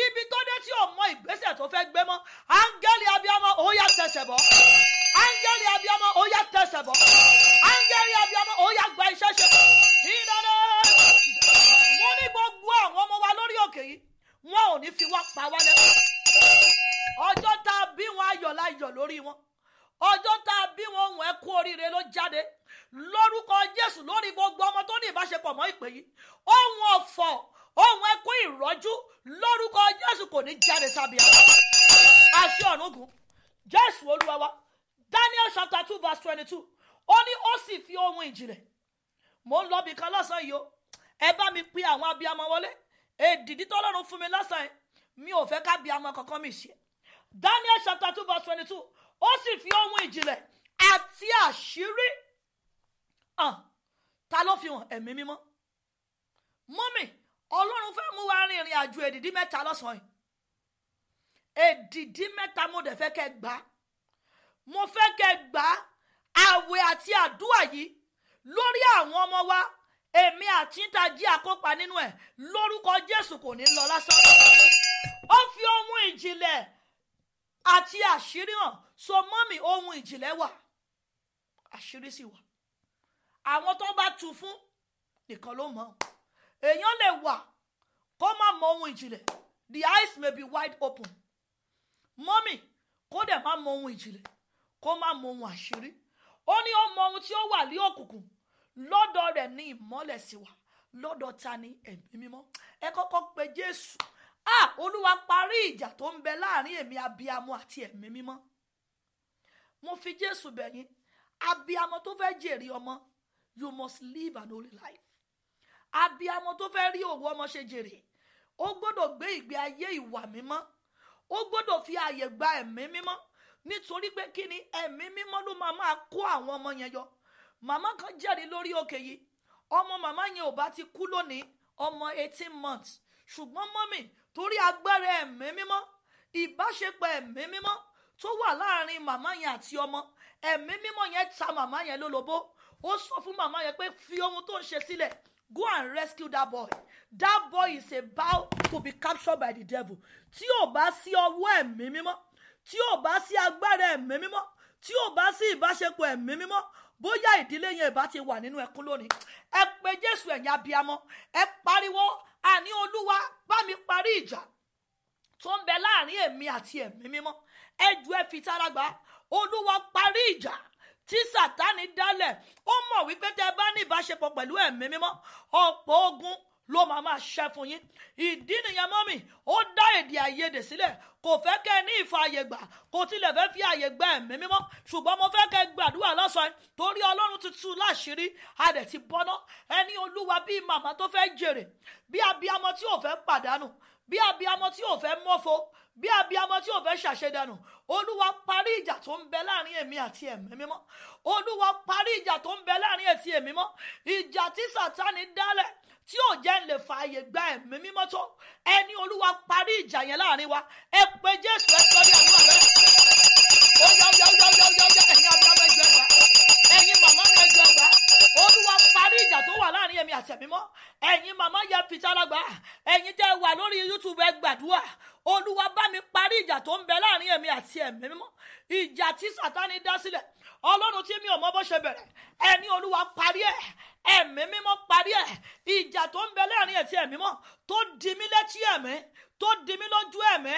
ibi tó dé tí ò mọ ìgbésẹ̀ tó fẹ́ gbé mọ́ áńgẹ́lì abiyamọ ó yá tẹsẹ̀ bọ́ áńgẹ́lì abiyamọ ó yá tẹsẹ̀ bọ́ áńgẹ́lì abiyamọ ó yá gba iṣẹ́ ṣe ìdáná mo ní gbogbo àwọn ọmọ wa lórí òkè yìí wọn ò ní fi wá pa wá lẹ́kọ̀ọ́ ọjọ́ tá a bí wọn ayọ̀ láyọ̀ lórí wọn ọjọ́ tá a bí wọn òun ẹ kú oríire ló jáde lórúkọ jésù lórí gbogbo ọmọ tó ní ìbáṣepọ̀ mọ́ ìpè yìí ohun ọ̀fọ̀ ohun ẹkún ìrọ́jú lórúkọ jésù kò ní jáde sábìá àṣẹ ọ̀nùgùn jésù olúwa wa daniel chapter two verse twenty-two ó ní ó sì fi ohun ìjìnlẹ̀ mò ń lọ́bì kan lọ́sàn yìí o ẹ bá mi pe àwọn abiyamọ wọlé èdìdí tọ́lọ́run fún mi lọ́sàn yìí mi ò fẹ́ ká abiyamọ kankan mi ṣe daniel chapter two verse twenty-two ó sì fi ohun ìjìnlẹ̀ àti àṣírí hàn ah, ta ló fi hàn ẹ̀mí mímọ́ mọ́mì ọlọ́run fẹ́ mú wa rin ìrìn àjò èdìdí mẹ́ta lọ́sàn-án èdìdí mẹ́ta mo dẹ̀ fẹ́ kẹ́ gbà mo fẹ́ kẹ́ gbà àwẹ̀ àti àdúrà yìí lórí àwọn ọmọ wa èmi àti ń ta jí àkópa nínú ẹ̀ lórúkọ jésù kò ní lọ lásán ó fi ohun ìjìnlẹ̀ àti àṣírí hàn so mọ́mì ohun ìjìnlẹ̀ wà àṣírí sì wà àwọn tó bá tu fún nìkan ló mọ̀ èèyàn lè wà kó má mọ ohun ìjìnlẹ̀ the eyes may be wide open mọ́mì kó dẹ̀ má mọ ohun ìjìnlẹ̀ kó má mọ ohun àṣírí ó ní ó mọ ohun tí ó wà ní òkùnkùn lọ́dọ̀ rẹ̀ ní ìmọ́lẹ̀ sí wa lọ́dọ̀ ta ni ẹ̀mí mímọ́ ẹ kọ́kọ́ pe Jésù ah Olúwa parí ìjà tó ń bẹ láàrin èmi abiyamọ àti ẹ̀mí mímọ́ mo fi Jésù bẹ̀ yín abiyamọ tó fẹ́ jèrè ọmọ you must live an holy life. abiamọ tó fẹ́ rí òwò ọmọ ṣe jèrè ó gbọ́dọ̀ gbé ìgbé ayé ìwà mímọ́ ó gbọ́dọ̀ fi ààyè gba ẹ̀mí mímọ́ nítorí pé kí ni ẹ̀mí mímọ́ ló máa máa kó àwọn ọmọ yẹn yọ màmá kan jẹ́rìí lórí òkè yìí ọmọ màmá yẹn ò bá ti kú lónìí ọmọ eighteen months ṣùgbọ́n mọ́mì torí agbára ẹ̀mí mímọ́ ìbáṣepọ̀ ẹ̀mí mímọ́ tó wà láàrin màmá yẹn àti ọmọ ẹ̀mí mímọ́ yẹn ta màmá yẹn lólobó ó sọ fún màmá yẹn pé fi ohun tó ń ṣe sílẹ̀ go and rescue that boy that boy is about to be captured by the devil tí ò bá sí ọwọ́ ẹ̀mí mímọ́ tí ò bá sí agbára ẹ̀mí mímọ́ tí ò bá sí ìbáṣepọ̀ ẹ̀mí mímọ́ bóyá ìdílé yẹn ìbá ti wà nínú ẹkún lónìí ẹ pé jésù ẹ̀yin abiyamọ ẹ pariwo àní olúwa bá mi parí ìjà tó ń bẹ láàrin èmi àti ẹ̀mí mímọ́ ẹ ju ẹ fi tára gbà olúwa parí ìjà tí sátani dálẹ̀ ó mọ̀ wípé tẹ́ bá ní ìbáṣepọ̀ pẹ̀lú ẹ̀mí mímọ́ ọ̀pọ̀ ogun ló máa máa ṣẹ́ fún yín ìdí nìyẹn mọ́mì ó dá èdè àìyedè sílẹ̀ kò fẹ́ kẹ́ ẹ ní ìfààyè gbà kò tilẹ̀ fẹ́ fi àyè gba ẹ̀mí mímọ́ ṣùgbọ́n mo fẹ́ kẹ́ ẹ gbàdúrà lọ́sàn-án torí ọlọ́run ti tú láṣìírí adẹ̀ ti bọ́ná ẹni olúwa bíi màmá tó fẹ́ jèrè bí abiyamọ tí ò fẹ́ pàdánù bí abiyamọ tí ò fẹ́ mọ́fo bí abiyamọ tí ò fẹ́ ṣàṣedànù olúwa parí ìjà tó ń bẹ láàrin èmi àti ẹ̀mí mímọ́ olúwa parí ìjà tó ń bẹ láàrin èti èmi mọ́ ìjà tí sàtánì dálẹ̀ tí ò jẹ́ ń lè fààyè gba ẹ̀mí mímọ́ tó ẹni olúwa parí ìjà yẹn láàrin wa ẹ pé jésù ẹ sọ ní àdúrà rẹ ó yá ó yá ó yá ó yá ó yá ẹ̀yin abúlé olúwa parí ìjà tó wà láàrin èmi àti ẹ̀mí mọ́ ẹ̀yin màmá yẹ fìtàlágbà ẹ̀yin tẹ́ wà lórí youtube ẹ gbàdúrà olúwa bá mi parí ìjà tó ń bẹ láàrin èmi àti ẹ̀mí mọ́ ìjà tí sátani dá sílẹ̀ ọlọ́run tí mi ò mọ bó ṣe bẹ̀rẹ̀ ẹni olúwa parí ẹ̀ ẹ̀mí mímọ́ parí ẹ̀ ìjà tó ń bẹ láàrin ẹ̀tí ẹ̀mí mọ́ tó di mí létí ẹ̀mí tó di lójú ẹ̀mí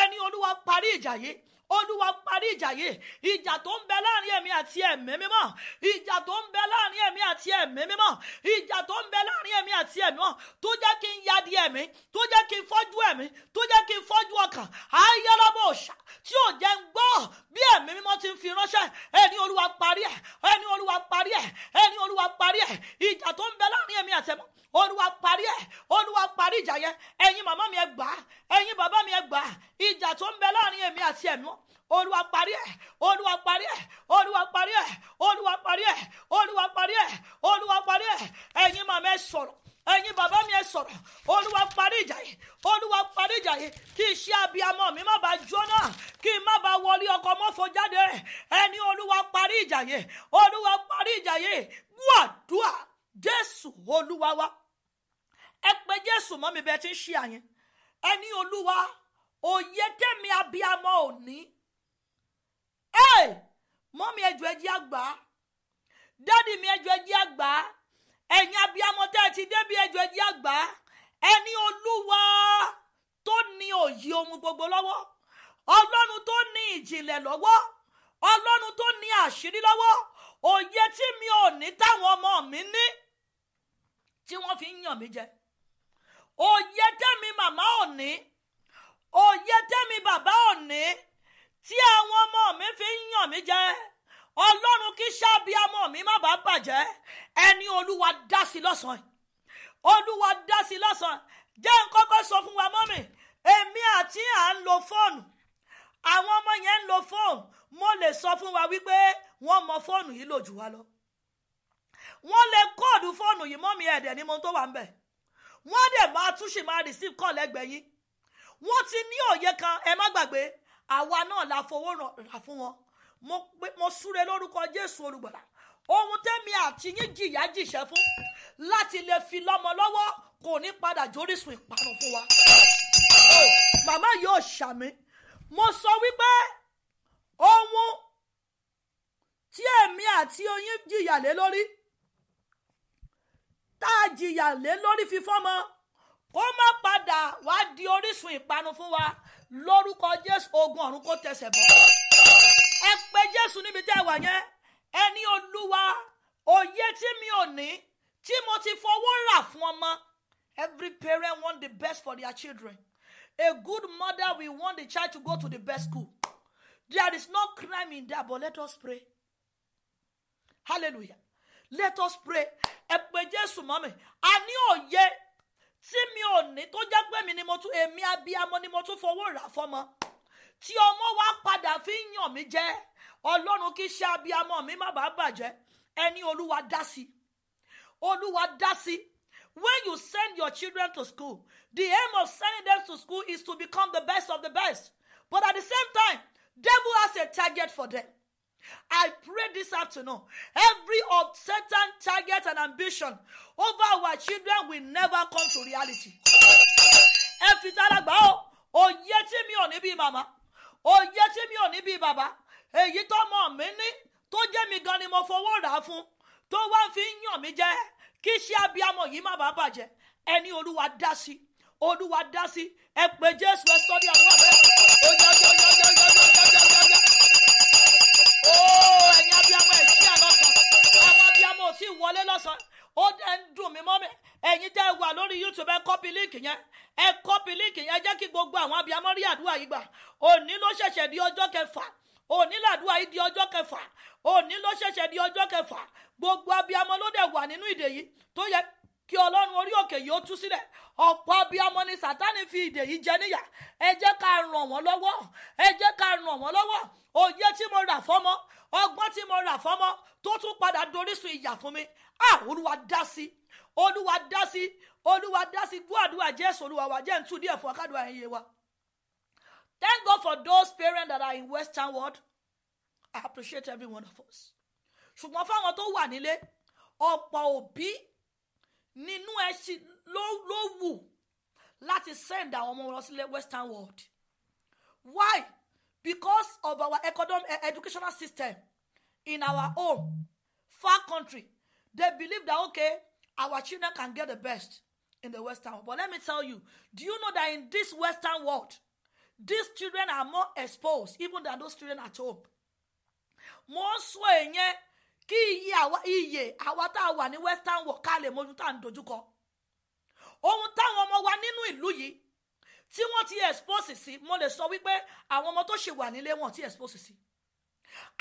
ẹni olúwa parí ìjà yìí olúwa parí ìjà yìí ìjà tó ń bẹ láàrin èmi àti ẹ̀mí mímọ́ ìjà tó ń bẹ láàrin èmi àti ẹ̀mí mímọ́ ìjà tó ń bẹ láàrin èmi àti ẹ̀mí mímọ́ tó jẹ́ kí n yadi ẹ̀mí tó jẹ́ kí n fọ́jú ẹ̀mí tó jẹ́ kí n fọ́jú ọkàn ayélujára òòṣà tí ò jẹ́ ń gbọ́ bí ẹ̀mí mímọ́ ti fi ránṣẹ́ ẹni olúwa parí ẹ̀ ẹni olúwa parí ẹ̀ ẹni olúwa parí ẹ̀ ìjà tó ń bẹ láàrin èmi àti ẹ̀mí olúwa parí ẹ̀ olúwa parí ìjà yẹn ẹ̀yin màmá mi ẹ gbà á bàbá mi ẹ gbà á ìjà tó ń bẹ láàrin èmi àti ẹ̀mí olúwa parí ẹ̀ olúwa parí ẹ̀ olúwa parí ẹ̀ olúwa parí ẹ̀ olúwa parí ẹ̀ olúwa parí ẹ̀ ẹ̀yin màmá ẹ sọ̀rọ̀ ẹ̀yin bàbá mi ẹ sọ̀rọ̀ olúwa parí ìjà yìí olúwa parí ìjà yìí kí iṣẹ́ abiyamọ mi má bàa jóná kí n má bàa wọlé ọkọ mọ́fọ jáde ẹni olúwa parí ìjà yìí olúwa parí ìjà yìí gbọ́ jésù olúwa wa ẹ pé jésù mọ́ mi bẹ́ẹ̀ ti ń ṣe àyẹn ẹ olúwa òye tẹ̀mí abiyamọ òní ẹ mọ́ mi ẹjọ́ ẹjẹ́ àgbà dádì mi ẹjọ́ ẹjẹ́ àgbà ẹ̀yin abiyamọ tẹ́ ẹ ti débi ẹjọ́ ẹjẹ́ àgbà ẹ ní olúwa tó ní òye ohun gbogbo lọ́wọ́ ọlọ́run tó ní ìjìnlẹ̀ lọ́wọ́ ọlọ́run tó ní àṣírí lọ́wọ́ òye tí mi ò ní táwọn ọmọ mi ní tí wọ́n fi ń yàn mí jẹ òye tẹ́mi màmá òní òye tẹ́mi bàbá òní tí àwọn ọmọ mi fi ń yàn mí jẹ ọlọ́run kí sábì ọmọ mi má bàa bàjẹ́ ẹni olúwa dá sí lọ́sàn-án olúwa dá sí lọ́sàn-án jẹ́ n kọ́kọ́ sọ fún wa mọ́mì èmi àti à ń lo fóònù àwọn ọmọ yẹn ń lo fóònù mo lè sọ fún wa wípé wọ́n mọ fóònù yìí lò jù wá lọ wọ́n lè kóòdù fóònù yìí mọ́mì ẹ̀dẹ̀ ni mo tó wà ń bẹ̀ wọ́n dẹ̀ máa tún ṣe máa receive call ẹgbẹ̀ẹ́ yín wọ́n ti ní òye kan ẹ má gbàgbé àwa náà la fowó rà fún wọn mo súre lórúkọ jésù olùgbàlà ohun tẹ́mi àti yín jìyà jìṣẹ́ fún láti lè fi lọ́mọ lọ́wọ́ kò ní padà jórísun ìparun fún wa oh, màmá yóò ṣàmì mo sọ wípé ohun tí èmi àti oyin jìyà lé lórí tá a jìyà lé lórí fífọ́mọ kó má padà wá di orísun ìpanu fún wa lórúkọ jésù ogun ọ̀run kó tẹsẹ̀ bọ́ ẹ pé jésù níbi tẹ́ ẹ wà yẹn ẹ olúwa òye tí mi ò ní tí mo ti fọwọ́ rà fún ọmọ every parent want the best for their children a good mother will want the child to go to the best school there is no crime in that but let us pray hallelujah let us pray ẹ pé jésù mọ́ mi a ní òye tí mi ò ní tó jẹ́ pé mi ni mo tún èmi abiyamọ ni mo tún fowó rà fọmọ tí ọmọ wa padà fi ń yàn mí jẹ ọlọ́run kì í abiyamọ mi má bàa bàjẹ́ ẹni olúwa dá sí olúwa dá sí when you send your children to school the aim of sending them to school is to become the best of the best but at the same time devil has a target for them I pray this afternoon every of Satan target and ambition over our children will never come to reality. Ẹ fi tára gbà ó, òye tí mi ò ní bí màmá, òye tí mi ò ní bí bàbá, èyí tó mọ̀ mí ní tó jẹ́ mi gan ni mo fowó rà á fún tó wá fi ń yàn mí jẹ́ kí iṣẹ́ abiyamọ yìí má bàa bàjẹ́ ẹni olúwa dá sí olúwa dá sí ẹ pé Jésù ẹ sọ àwọn ọ̀rẹ́ ọjọ́ ọjọ́ ọjọ́ ọjọ́ ọjọ́ ọjọ́ ọjọ́ ó oh, ẹ̀yin abiyamọ ẹ̀ sí àlọ́sàn àwọn abiyamọ ò tí ì wọlé lọ́sàn ó dẹ̀ ń dùn mí mọ́ youtube ẹ kọ́pì líǹkì yẹn ẹ kọ́pì líǹkì yẹn jẹ́ kí gbogbo àwọn abiyamọ rí àdúrà yìí gbà òní ló ṣẹ̀ṣẹ̀ di ọjọ́ kẹfà òní làdúrà yìí di ọjọ́ kẹfà òní ló ṣẹ̀ṣẹ̀ di ọjọ́ kẹfà gbogbo abiyamọ ló dẹ̀ wà nínú ìdè yìí tó yẹ kí ọlọ́run orí òkè yìí ó tú sílẹ̀ ọ̀pọ̀ abiyamọ ni sátani fi ìdè yìí jẹ níyà ẹ jẹ́ ká ràn wọ́n lọ́wọ́ ẹ jẹ́ ká ràn wọ́n lọ́wọ́ òye tí mo rà fọ́mọ ọgbọ́n tí mo rà fọ́mọ tó tún padà dorísun ìyà fún mi ah olúwa dá sí olúwa dá sí olúwa dá sí gbọ́dúwà jésù olúwa wà jẹ́ ntú díẹ̀ fún akádùn àyẹ̀yẹ wa thank God for those parents that are in western world I appreciate every one of us ṣùgbọ́n fáwọn tó wà nílé ọ̀pọ̀ òbí nínú ẹ ṣì ló wù láti send àwọn ọmọ wọn sílẹ̀ western world why because of our economic eh, educational system in our own far country they believe that okay our children can get the best in the western world but let me tell you do you know that in this western world these children are more exposed even than those children at home More so, sọ kí iye àwa iye àwa tá a wà ní western world ká lè mójú tá à ń dojúkọ ohun táwọn ọmọ wa nínú ìlú yìí tí wọ́n ti expose sí mo lè sọ wípé àwọn ọmọ tó ṣe wà nílé wọn ti expose sí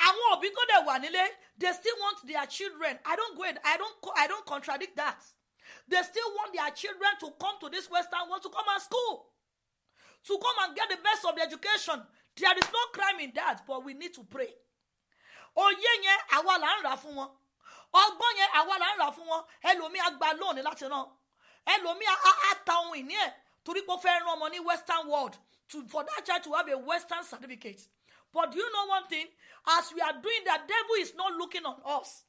àwọn òbí tó dẹ̀ wà nílé they still want their children i don't go in, i don't i don't contradict that they still want their children to come to this western world to come and school to come and get the best of the education there is no crime in that but we need to pray òye yẹn àwa là ń rà fún wọn ọgbọ́n yẹn àwa là ń rà fún wọn ẹlòmíì á gba lóòní láti ràn ẹlòmíì á ta ohun ìní ẹ̀ torí pé ó fẹ́ rán ọmọ ní western world to, for that child to have a western certificate but do you know one thing as we are doing that devil is not looking on us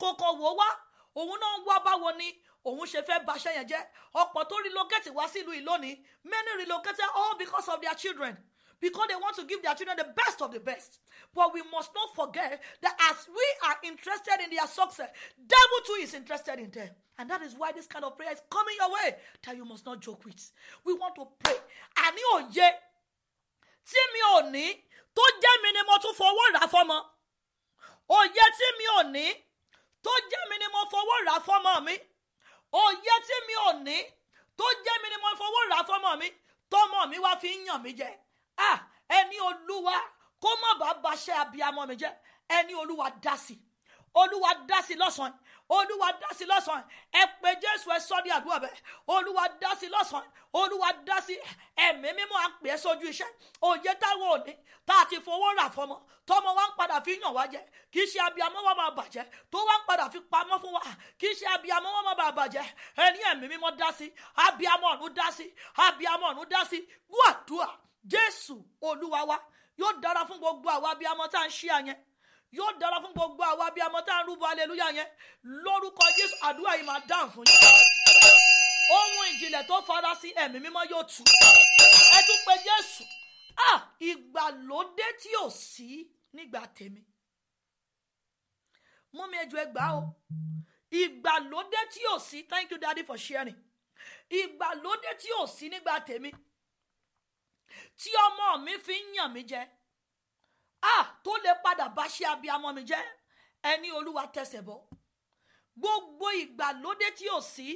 kòkò wò wá òun náà ń wá báwo ni òun ṣe fẹ́ baṣẹ́ yẹn jẹ́ ọ̀pọ̀ tó relocate wá sílùú ìlónìí many relocated all because of their children because they want to give their children the best of the best But we must not forget that as we are interested in their success, devil too is interested in them. And that is why this kind of prayer is coming your way that you must not joke with. We want to pray. Ani òye ti mi ò ní tó mi ni mo tún fọwọ́ rà fọ́mọ. Oye ti mi ò ní tó mi ni mo fọwọ́ rà fọ́mọ mi. Oye ti mi ò ní tó mi ni mo fọwọ́ rà fọ́mọ mi. Tomo mi wa fi ń yàn mí jẹ. Ah! Ẹni olúwa kó má bàa baṣẹ́ abiyamọ mi jẹ́ ẹni olúwa dá sí olúwa dá sí lọ́sàn-án olúwa dá sí lọ́sàn-án ẹ pé jésù ẹ sọ ní àdúrà bẹ́ẹ̀ olúwa dá sí lọ́sàn-án olúwa dá sí ẹ̀mí mímọ́ à ń pè é sójú iṣẹ́ òye táwọn òní tá a ti fowó rà fọmọ tọmọ wa ń padà fi yàn wá jẹ kì í ṣe abiyamọ wa máa bàjẹ́ tó wa ń padà fi pamọ́ fún wa kì í ṣe abiyamọ wa máa bàjẹ́ ẹni ẹ̀mí mímọ́ dá abiyamọ ọ̀run dá abiyamọ ọ̀run dá sí jésù olúwa wa yóò dára fún gbogbo àwa bíi amọ tá à ń ṣí àyẹn yóò dára fún gbogbo àwa bíi amọ tá à ń rúbọ aleluya yẹn lórúkọ jésù àdúrà yìí máa dáhùn fún yín ohun ìjìnlẹ̀ tó fara sí ẹ̀mí mímọ́ yóò tú ẹ tún pé jésù ah ìgbàlódé tí ò sí nígbà tèmi mú mi ẹjọ ẹgbà o ìgbàlódé tí ò sí thank you daddy for sharing ìgbàlódé tí ò sí nígbà tèmi tí ọmọ mi fi ń yàn mí jẹ ah tó lè padà bá ṣe abiyamọ mi jẹ ẹni olúwa tẹsẹ̀ bọ́ gbogbo ìgbàlódé tí ò sí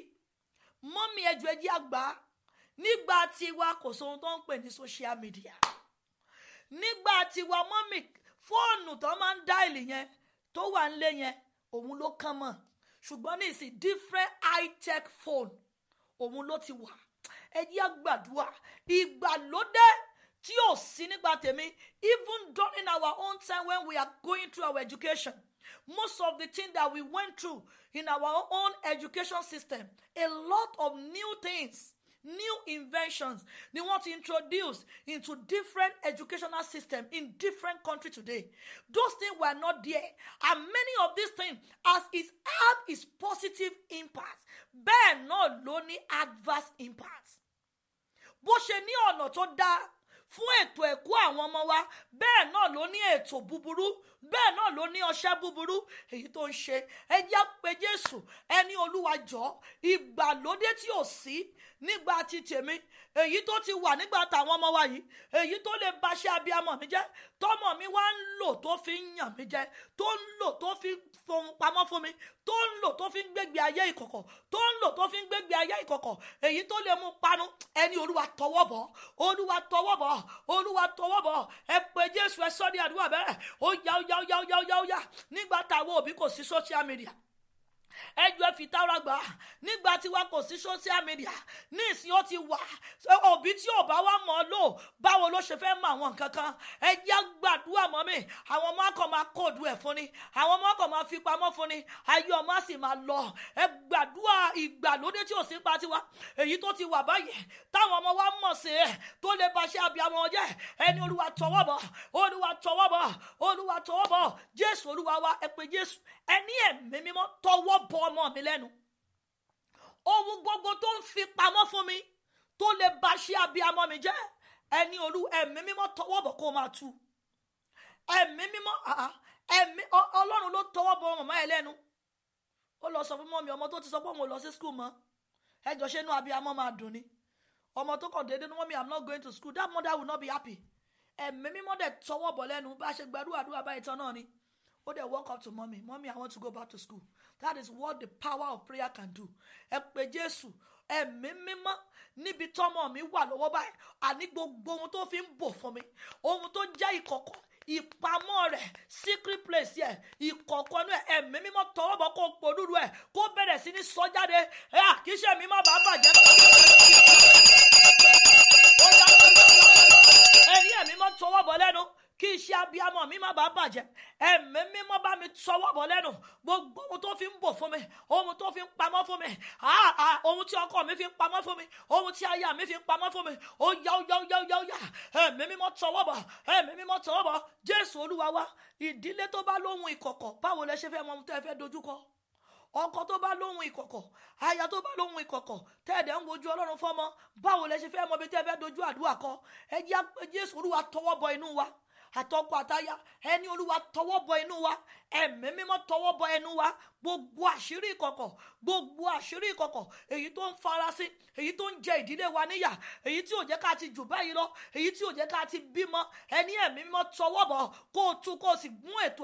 mọ́mí ẹjọ́ ẹjẹ́ àgbà nígbà tiwa kò sóhun tó ń pè ní social media nígbà tiwa mọ́mí fóònù tó máa ń dáìlì yẹn tó wà nílé yẹn òun ló kàn mọ́ ṣùgbọ́n ní ìsìn different high tech phone òun ló ti wà ẹjẹ́ àgbàdua ìgbàlódé tí ò sí nígbà tèmi even during our own time when we are going through our education most of the things that we went through in our own education system a lot of new things new inventions they want to introduce into different educational system in different country today those things were not there and many of these things as it had its positive impact bẹ́ẹ̀ náà ló ní adverse impact bó ṣe ní ọ̀nà tó dáa fún ètò ẹ̀kọ́ àwọn ọmọ wa bẹ́ẹ̀ náà ló ní ètò búburú bẹ́ẹ̀ náà ló ní ọṣẹ́ búburú èyí tó ń ṣe ẹ jẹ́ pé jésù ẹni olúwa jọ ìgbàlódé tí ò sí nígbà ti tèmi èyí tó ti wà nígbà tàwọn ọmọ wa yìí èyí tó lè baṣẹ́ abiyamọ mi jẹ́ tọmọ mi wá ń lò tó fi ń yàn mí jẹ tó ń lò tó fi fohùn pamọ́ fún mi tó ń lò tó fi ń gbégbé ayé ìkọ̀kọ̀ tó ń lò tó fi ń gbégbé ayé ìkọ̀kọ̀ èyí tó lè mú panu ẹni olúwa tọwọ́ bọ̀ olúwa tọwọ́ bọ̀ olúwa tọwọ́ bọ̀ ẹ pé jésù ẹ sọ ní àdúrà bẹ́ẹ̀ ó yá ó yá ó yá ó yá ó yá nígbà táwọn òbí kò sí social media ẹjọ́ ẹ fi tára gbà nígbà tí wa kò sí social media ní ìsìn ó ti wà òbí tí ò bá wà mọ́ lò báwo ló ṣe fẹ́ mọ àwọn nǹkan kan ẹjẹ́ gbàdúrà mọ́ mi àwọn ọmọ akọ̀ máa kóòdù ẹ̀ fún ni àwọn ọmọ akọ̀ máa fi pamọ́ fún ni ayé ọmọ á sì máa lọ ẹ gbàdúrà ìgbàlódé tí ò sí pa tiwa èyí tó ti wà báyìí táwọn ọmọ wa mọ̀ sí ẹ tó lè bá ṣe àbí àwọn ọjẹ́ ẹni olúwa tọwọ́ bọ̀ olúwa tọwọ́ bọ̀ olúwa tọwọ́ bọ̀ jésù olúwa wa ẹ pé jésù ẹni ẹ̀mí mímọ́ tọwọ́ bọ ọmọ mi lẹ́nu ohun gbogbo tó ń fi pamọ́ fún mi tó lè ba ṣe abiyamọ mi jẹ́ ẹni olú ẹ̀mí mímọ́ tọwọ́ bọ̀ kó máa tú ẹ̀mí mímọ́ ẹ̀mí ọlọ́run ló tọwọ́ bọ màmá ẹ lẹ́nu ó lọ sọ fún mọ́mi ọmọ tó ti sọ pé òun ò lọ sí skul mọ́ ẹjọ́ ṣe inú abiyamọ máa dùn ni ọmọ tó kàn déédéé ní mọ́mi i'm not going to school that mother will not be happy ẹ̀mí mímọ́ dẹ̀ tọwọ́ bọ̀ lẹ́nu bá ṣe gbẹrú àdúrà báyìí tán náà ni Oh dẹ̀ woke up to mommy mommy i want to go back to school that is what the power of prayer can do ẹ pé jésù ẹ̀mí mímọ́ níbi tọ́mọ mi wà lọ́wọ́ báyìí àní gbogbo ohun tó fi ń bò fún mi ohun tó jẹ́ ìkọ̀kọ̀ ìpamọ́ rẹ̀ secret place yẹ ìkọ̀kọ̀ náà ẹ̀mí mímọ́ tọwọ́ bọ̀ kó polúru ẹ̀ kó bẹ̀rẹ̀ sí ní sọ jáde ẹ̀ kí iṣẹ́ mi má bàa bàjẹ́ tó ẹ̀rí ẹ̀mí mọ́ tọwọ́ bọ̀ lẹ́nu kí iṣẹ́ abiyamọ mi má bàa bàjẹ́ ẹ̀mí mímọ́ bá mi tọwọ́ bọ̀ lẹ́nu gbogbo ohun tó fi ń bò fún mi ohun tó fi ń pamọ́ fún mi ohun tí ọkọ mi fi ń pamọ́ fún mi ohun tí aya mi fi ń pamọ́ fún mi ó yá ó yá ó yá ó yá ó yá ẹ̀mí mímọ́ tọwọ́ bọ̀ ẹ̀mí mímọ́ tọwọ́ bọ̀ jésù olúwa wa ìdílé tó bá lóhun ìkọ̀kọ̀ báwo lẹ ṣe fẹ́ mọ ohun tẹ́ fẹ́ dojúkọ ọkọ tó bá lóhun ìkọ̀kọ̀ aya tó bá lóhun ìkọ̀kọ̀ tẹ́ẹ̀dẹ̀ ń wojú ọlọ́run fọ́mọ báwo lẹ ṣe fẹ́ mọ ibi tẹ́ fẹ́ dojú àdúrà kọ ẹ jẹ́ Jésù Olúwa tọwọ́ bọ inú wa àtọkọ àtaya ẹni olúwa tọwọ́ bọ inú wa ẹ̀mí mímọ́ tọwọ́ bọ ẹnu wa gbogbo àṣírí ìkọ̀kọ̀ gbogbo àṣírí ìkọ̀kọ̀ èyí tó ń farasin èyí tó ń jẹ ìdílé wa níyà èyí tí ò jẹ́ ká ti jù báyìí lọ èyí tí ò jẹ́ ká ti bímọ ẹni ẹ̀mí mímọ́ tọwọ́ bọ̀ kó o tú kó o sì gún ètò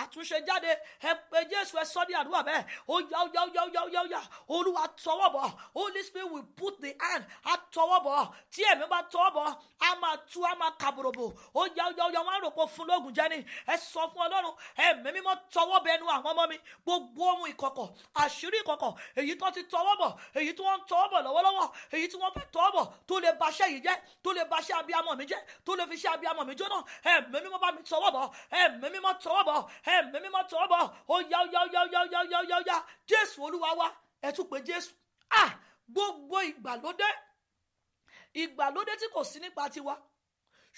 àtúnṣe jáde ẹ pé jésù ẹ sọ ní àdúrà bẹ́ẹ̀ ó yá ó yá ó yá ó yá ó yá ó yá olúwa tọwọ́ bọ̀ holy spirit will put the hand á tọwọ́ bọ̀ tí ẹ̀mí bá tọwọ́ bọ̀ á máa tú á máa kàbòròbò ó yá ó yá ó yá wọn á rò pé fún lóògùn jẹ́ ni ẹ sọ fún ọlọ́run ẹ ẹ̀mí mímọ́ tọwọ́ bẹ ẹnu àwọn ọmọ mi gbogbo ohun ìkọ̀kọ̀ àṣírí ìkọ̀kọ̀ èyí tó ti tọwọ́ bọ̀ èyí tí wọ́n ń tọwọ́ bọ̀ lọ́wọ́lọ́wọ́ èyí tí wọ́n fẹ́ tọwọ́ bọ̀ tó lè ba iṣẹ́ yìí jẹ́ tó lè ba iṣẹ́ abiyamọ mi jẹ́ tó lè fi iṣẹ́ abiyamọ mi jóná ẹ̀mí mímọ́ bá mi tọwọ́ bọ̀ ẹ̀mí mímọ́ tọwọ́ bọ̀ ẹ̀mí mímọ́ tọwọ́ bọ̀ ó yá ó yá ó yá ó yá ó yá ó yá ó yá ó yá jésù olúwa wa ẹ tún pé jésù ah gbogbo ìgbàlódé ìgbàlódé tí kò sí nípa tiwa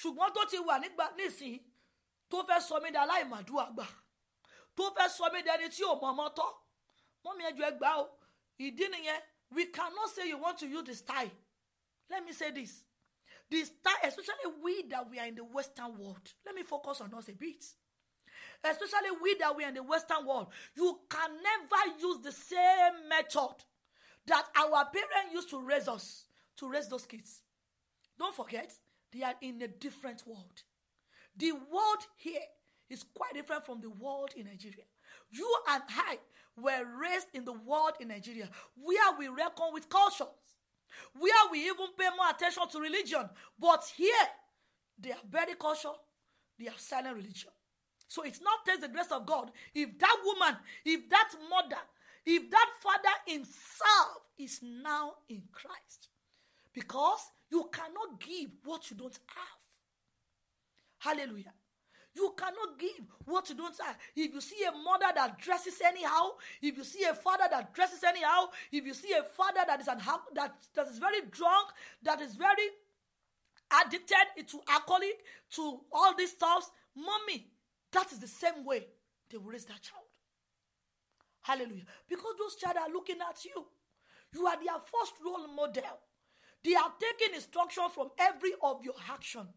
ṣùgbọ́n tó ti wà nígbà nísìnyí tó fẹ́ sọ mí di aláìmàdúrà gbà tó fẹ́ sọ mí dẹni tí ò mọ̀ ọmọ tọ́ mọ́mí ẹjọ́ ẹ gbà o ìdí nìyẹn we cannot say you want to use the style let me say this the style especially we that we are in the western world let me focus on us a bit especially we that we are in the western world you can never use the same method that our parents used to raise us to raise those kids don't forget they are in a different world the world here is quite different from the world in Nigeria. You and I were raised in the world in Nigeria where we reckon with cultures, where we even pay more attention to religion. But here, they are very cultural; they are silent religion. So it's not just the grace of God. If that woman, if that mother, if that father himself is now in Christ, because you cannot give what you don't have. Hallelujah. You cannot give what you don't have. If you see a mother that dresses anyhow, if you see a father that dresses anyhow, if you see a father that is an that, that is very drunk, that is very addicted to alcohol, to all these stuffs, mommy, that is the same way they will raise that child. Hallelujah. Because those child are looking at you. You are their first role model. They are taking instruction from every of your action.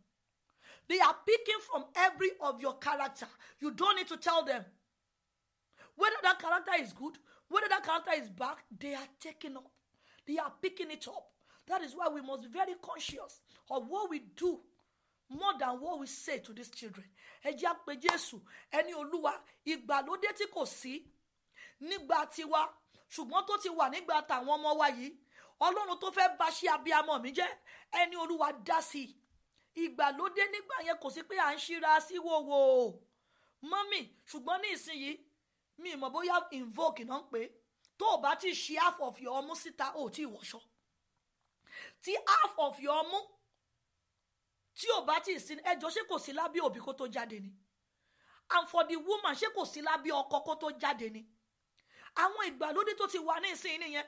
They are picking from every of your character. You don't need to tell them. Whether that character is good, whether that character is bad, they are taking up. They are picking it up. That is why we must be very conscious of what we do more than what we say to these children. Ẹ jẹ́ àpè Jésù, ẹni Olúwa, ìgbàlódé tí kò sí nígbà tiwa, ṣùgbọ́n tó ti wà nígbà tàwọn ọmọ wa yìí. Ọlọ́run tó fẹ́ bá ṣe abiyamọ mi jẹ́, ẹni Olúwa dá sí i ìgbàlódé nígbà yẹn kò sí pé à ń ṣíra sí wòwò mọ́mì ṣùgbọ́n ní ìsinyìí mi ìmọ̀ bóyá invoke náà ń pè é tó o bá ti ṣe half of your ọmú síta ò tí ì wọṣọ tí half of your ọmú tí ò bá ti sin ẹjọ́ ṣé kò sí lábẹ́ òbí kó tó jáde ni and for the woman ṣé kò sí lábẹ́ ọkọ kó tó jáde ni àwọn ìgbàlódé tó ti wà ní ìsinyìí nìyẹn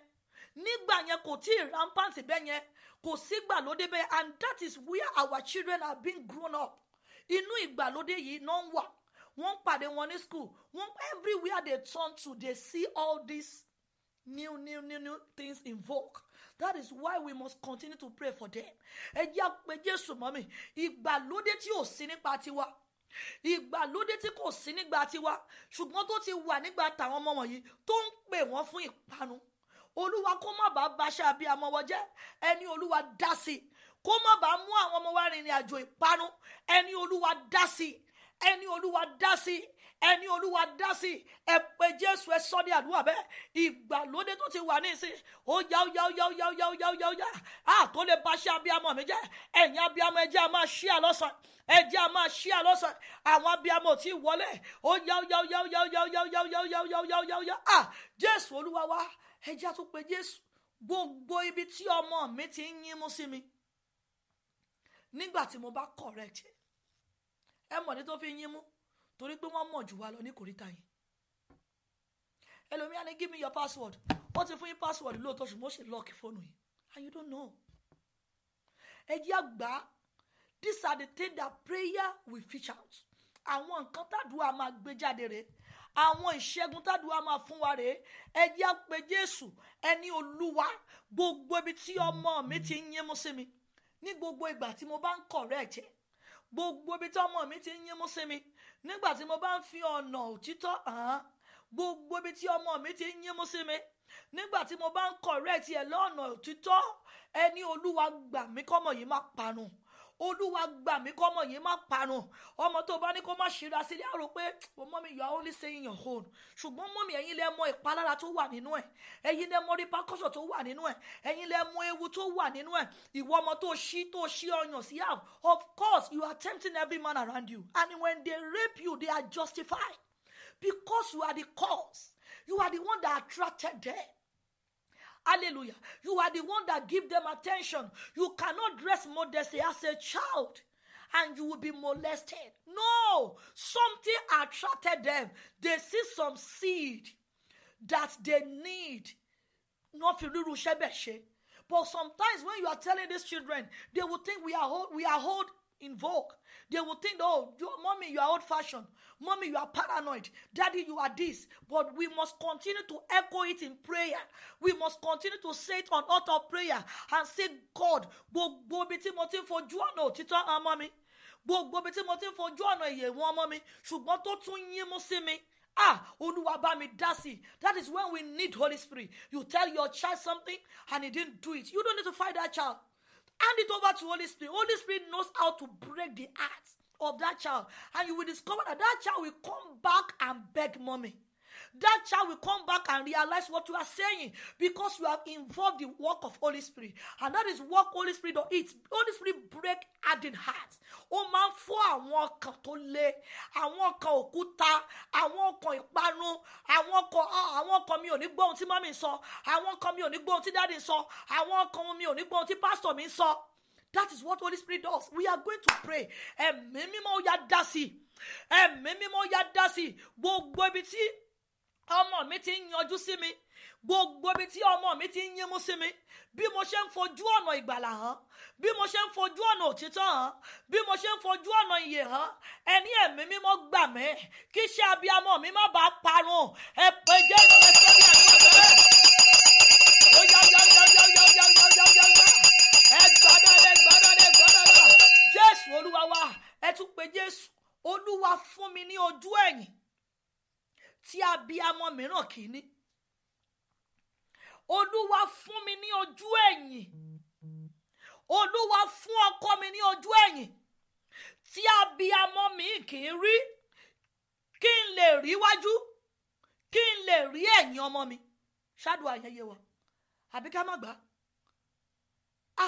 nígbà yẹn kò tí ì rampant bẹ́ẹ̀ yẹn kò sí bẹ́ẹ̀ and that is where our children are being grown up inú ìgbàlódé yìí náà ń wà wọ́n ń pàdé wọn ní school wọ́n everywhere they turn to they see all these new new new new things in vogue that is why we must continue to pray for them ẹ jẹ́ pé Jésù mọ́ mi ìgbàlódé tí ò sí nípa tiwa ìgbàlódé tí kò sí nígbà tiwa ṣùgbọ́n tó ti wà nígbà tàwọn ọmọ wọ̀nyí tó ń pè wọ́n fún ìparun olúwa kó má bàa baṣẹ́ àbí àmọ́wọ́ jẹ́ ẹni olúwa dá sí i kó má bàa mú àwọn ọmọ wa rìnrìn àjò ìparun ẹni olúwa dá sí i ẹni olúwa dá sí i ẹni olúwa dá sí ẹ pé jésù ẹ sọ ní àdúrà bẹ́ẹ̀ ìgbàlódé tó ti wà nísìn ó yá ó yá ó yá ó yá ó yá ó yá ó yá ó yá àtó lè bá ṣe abiyamọ mi jẹ ẹ̀yin abiyamọ ẹjẹ a máa ṣí àlọsàn ẹjẹ a máa ṣí àlọsàn àwọn abiyamọ tí wọlé ó yá ó yá ó yá ó yá ó yá ó yá ó yá ó yá ó yá ó yá ó yá ó yá jésù olúwa wa ẹjẹ́ tó pe jésù gbogbo ibi tí ọmọ mi ti ń yín mú sí mi nígbà tí mo bá correct ẹ mọ̀ ní tó fi yín mú torí pé wọ́n mọ̀ jù wá lọ ní kòríta yìí ẹlòmíà ni give me your password ó ti fún yín password lóòótọ́ ṣùgbọ́n ó ṣe lọ́ọ̀kì fóònù yìí and you don't know ẹ jẹ́ àgbà these are the things that prayer will feature out àwọn nǹkan tàdúrà máa gbé jáde rèé àwọn ìṣẹ́gun tádùá máa fún wa rèé ẹ̀yí á pe jésù ẹni olúwa gbogbo ibi tí ọmọ mi ti ń yémú sí mi ní gbogbo ìgbà tí mo bá ń correct gbogbo ibi tí ọmọ mi ti ń yémú sí mi nígbà tí mo bá ń fi ọ̀nà òtítọ́ hàn án gbogbo ibi tí ọmọ mi ti ń yémú sí mi nígbà tí mo bá ń correct ẹ̀ lọ́nà òtítọ́ ẹni olúwa gbà mí kọ́mọ yìí má parun olúwa gbà mí kọ́ ọmọ yìí má parun ọmọ tó bá ní kó má ṣíra sí i á rò pé mọ́mí you are only saying your own ṣùgbọ́n mọ́mí ẹ̀yin lẹ mọ ìpalára tó wà nínú ẹ̀ ẹ̀yin lẹ mọ rìpákọ́sọ̀ tó wà nínú ẹ̀ ẹ̀yin lẹ mọ ewu tó wà nínú ẹ̀ ìwọ ọmọ tó ṣí tó ṣí ọyàn sí àw ah, of course you are tempting every man around you and when they rape you they are justified because you are the cause you are the one that attracted them Hallelujah. You are the one that give them attention. You cannot dress modestly as a child and you will be molested. No, something attracted them. They see some seed that they need. Not But sometimes when you are telling these children, they will think we are hold, we are hold in vogue. They will think, oh, you, mommy, you are old fashioned. Mommy, you are paranoid. Daddy, you are this. But we must continue to echo it in prayer. We must continue to say it on altar prayer and say, God, gbogbo ibi tí mo ti ń fojú ọ̀nà ah, gbogbo ibi tí mo ti ń fojú ọ̀nà ìyè wọn ọmọ mi ṣùgbọ́n tó tún yín mú sí mi. Ah, Oluwa bá mi dá sí. That is when we need Holy Spirit. You tell your child something and he didn't do it. You don't need to fight that child. Hand it over to Holy Spirit. Holy Spirit knows how to break the heart of that child. And you will discover that that child will come back and beg mommy that child will come back and realize what you are saying because you have involved the work of Holy Spirit. And that is what Holy Spirit does. It's Holy Spirit break hardened hearts. Ó man, ń fọ́ àwọn ọkàn tó le, àwọn ọkàn òkúta, àwọn ọkàn ìparun, àwọn I want ọkàn mi ò ní gbọ́ ohun tí mọ́mí ń sọ, àwọn ọkàn I want ní gbọ́ ohun tí dáàdì ń sọ, àwọn ọkàn mi ò ní gbọ́ ohun tí pásítọ̀ mi ń sọ. That is what Holy Spirit does. We are going to pray. Ẹ̀mí mímọ́ ó yá dá sí i. Ẹ̀mí mímọ́ ó yá dá Bo i. Gbogbo ọmọ mi ti ń yanjú sí mi gbogbo ibi tí ọmọ mi ti ń yínmú sí mi bí mo ṣe ń fojú ọ̀nà ìgbàlà hàn bí mo ṣe ń fojú ọ̀nà òtítọ́ hàn bí mo ṣe ń fojú ọ̀nà ìyè hàn ẹni ẹ̀mí mímọ́ gbà mí kí iṣẹ́ abiyamọ mi má bàa parun ẹ pé jésù ẹ sọ bí àgbà bẹ́ẹ̀. ó yá yá yá yá yá yá yá yá yá yá olúwa wa ẹ tún pé jésù olúwa fún mi ní ojú ẹ̀yìn tí abiyamọ mìíràn kì í ní olúwa fún mi ní ojú ẹ̀yìn olúwa fún ọkọ mi ní ojú ẹ̀yìn tí abiyamọ mi kì í rí kí n lè rí wájú kí n lè rí ẹ̀yìn ọmọ mi ṣáàdùn ayẹyẹ wa àbí ká má gbà á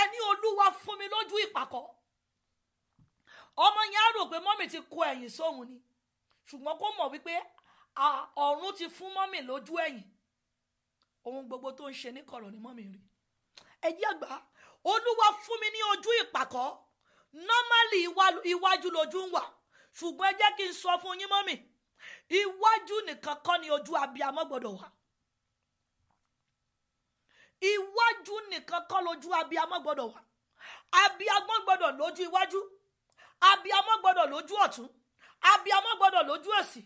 ẹni olúwa fún mi lójú ìpàkọ́ ọmọ yẹn á rò pé mọ́mì ti kó ẹ̀yìn sóhun ni ṣùgbọ́n kó mọ̀ wípé ọ̀run ti fún mọ́mì lójú ẹ̀yìn ohun gbogbo tó ń ṣe ní kọ̀rọ̀ ni mọ́mì rí ẹ̀yí àgbà olúwa fún mi ní ojú ìpàkọ́ normally iwájú lójú ń wà ṣùgbọ́n ẹ jẹ́ kí n sọ fún yín mọ́mì iwájú nìkan kọ́ ni ojú abiyamọ gbọ́dọ̀ wà iwájú nìkan kọ́ lójú abiyamọ gbọ́dọ̀ wà abiyamọ gbọ́dọ̀ lójú iwájú abiyamọ gbọ́dọ̀ lójú ọ̀tún abiyamọ gbọ́dọ̀ lójú òsì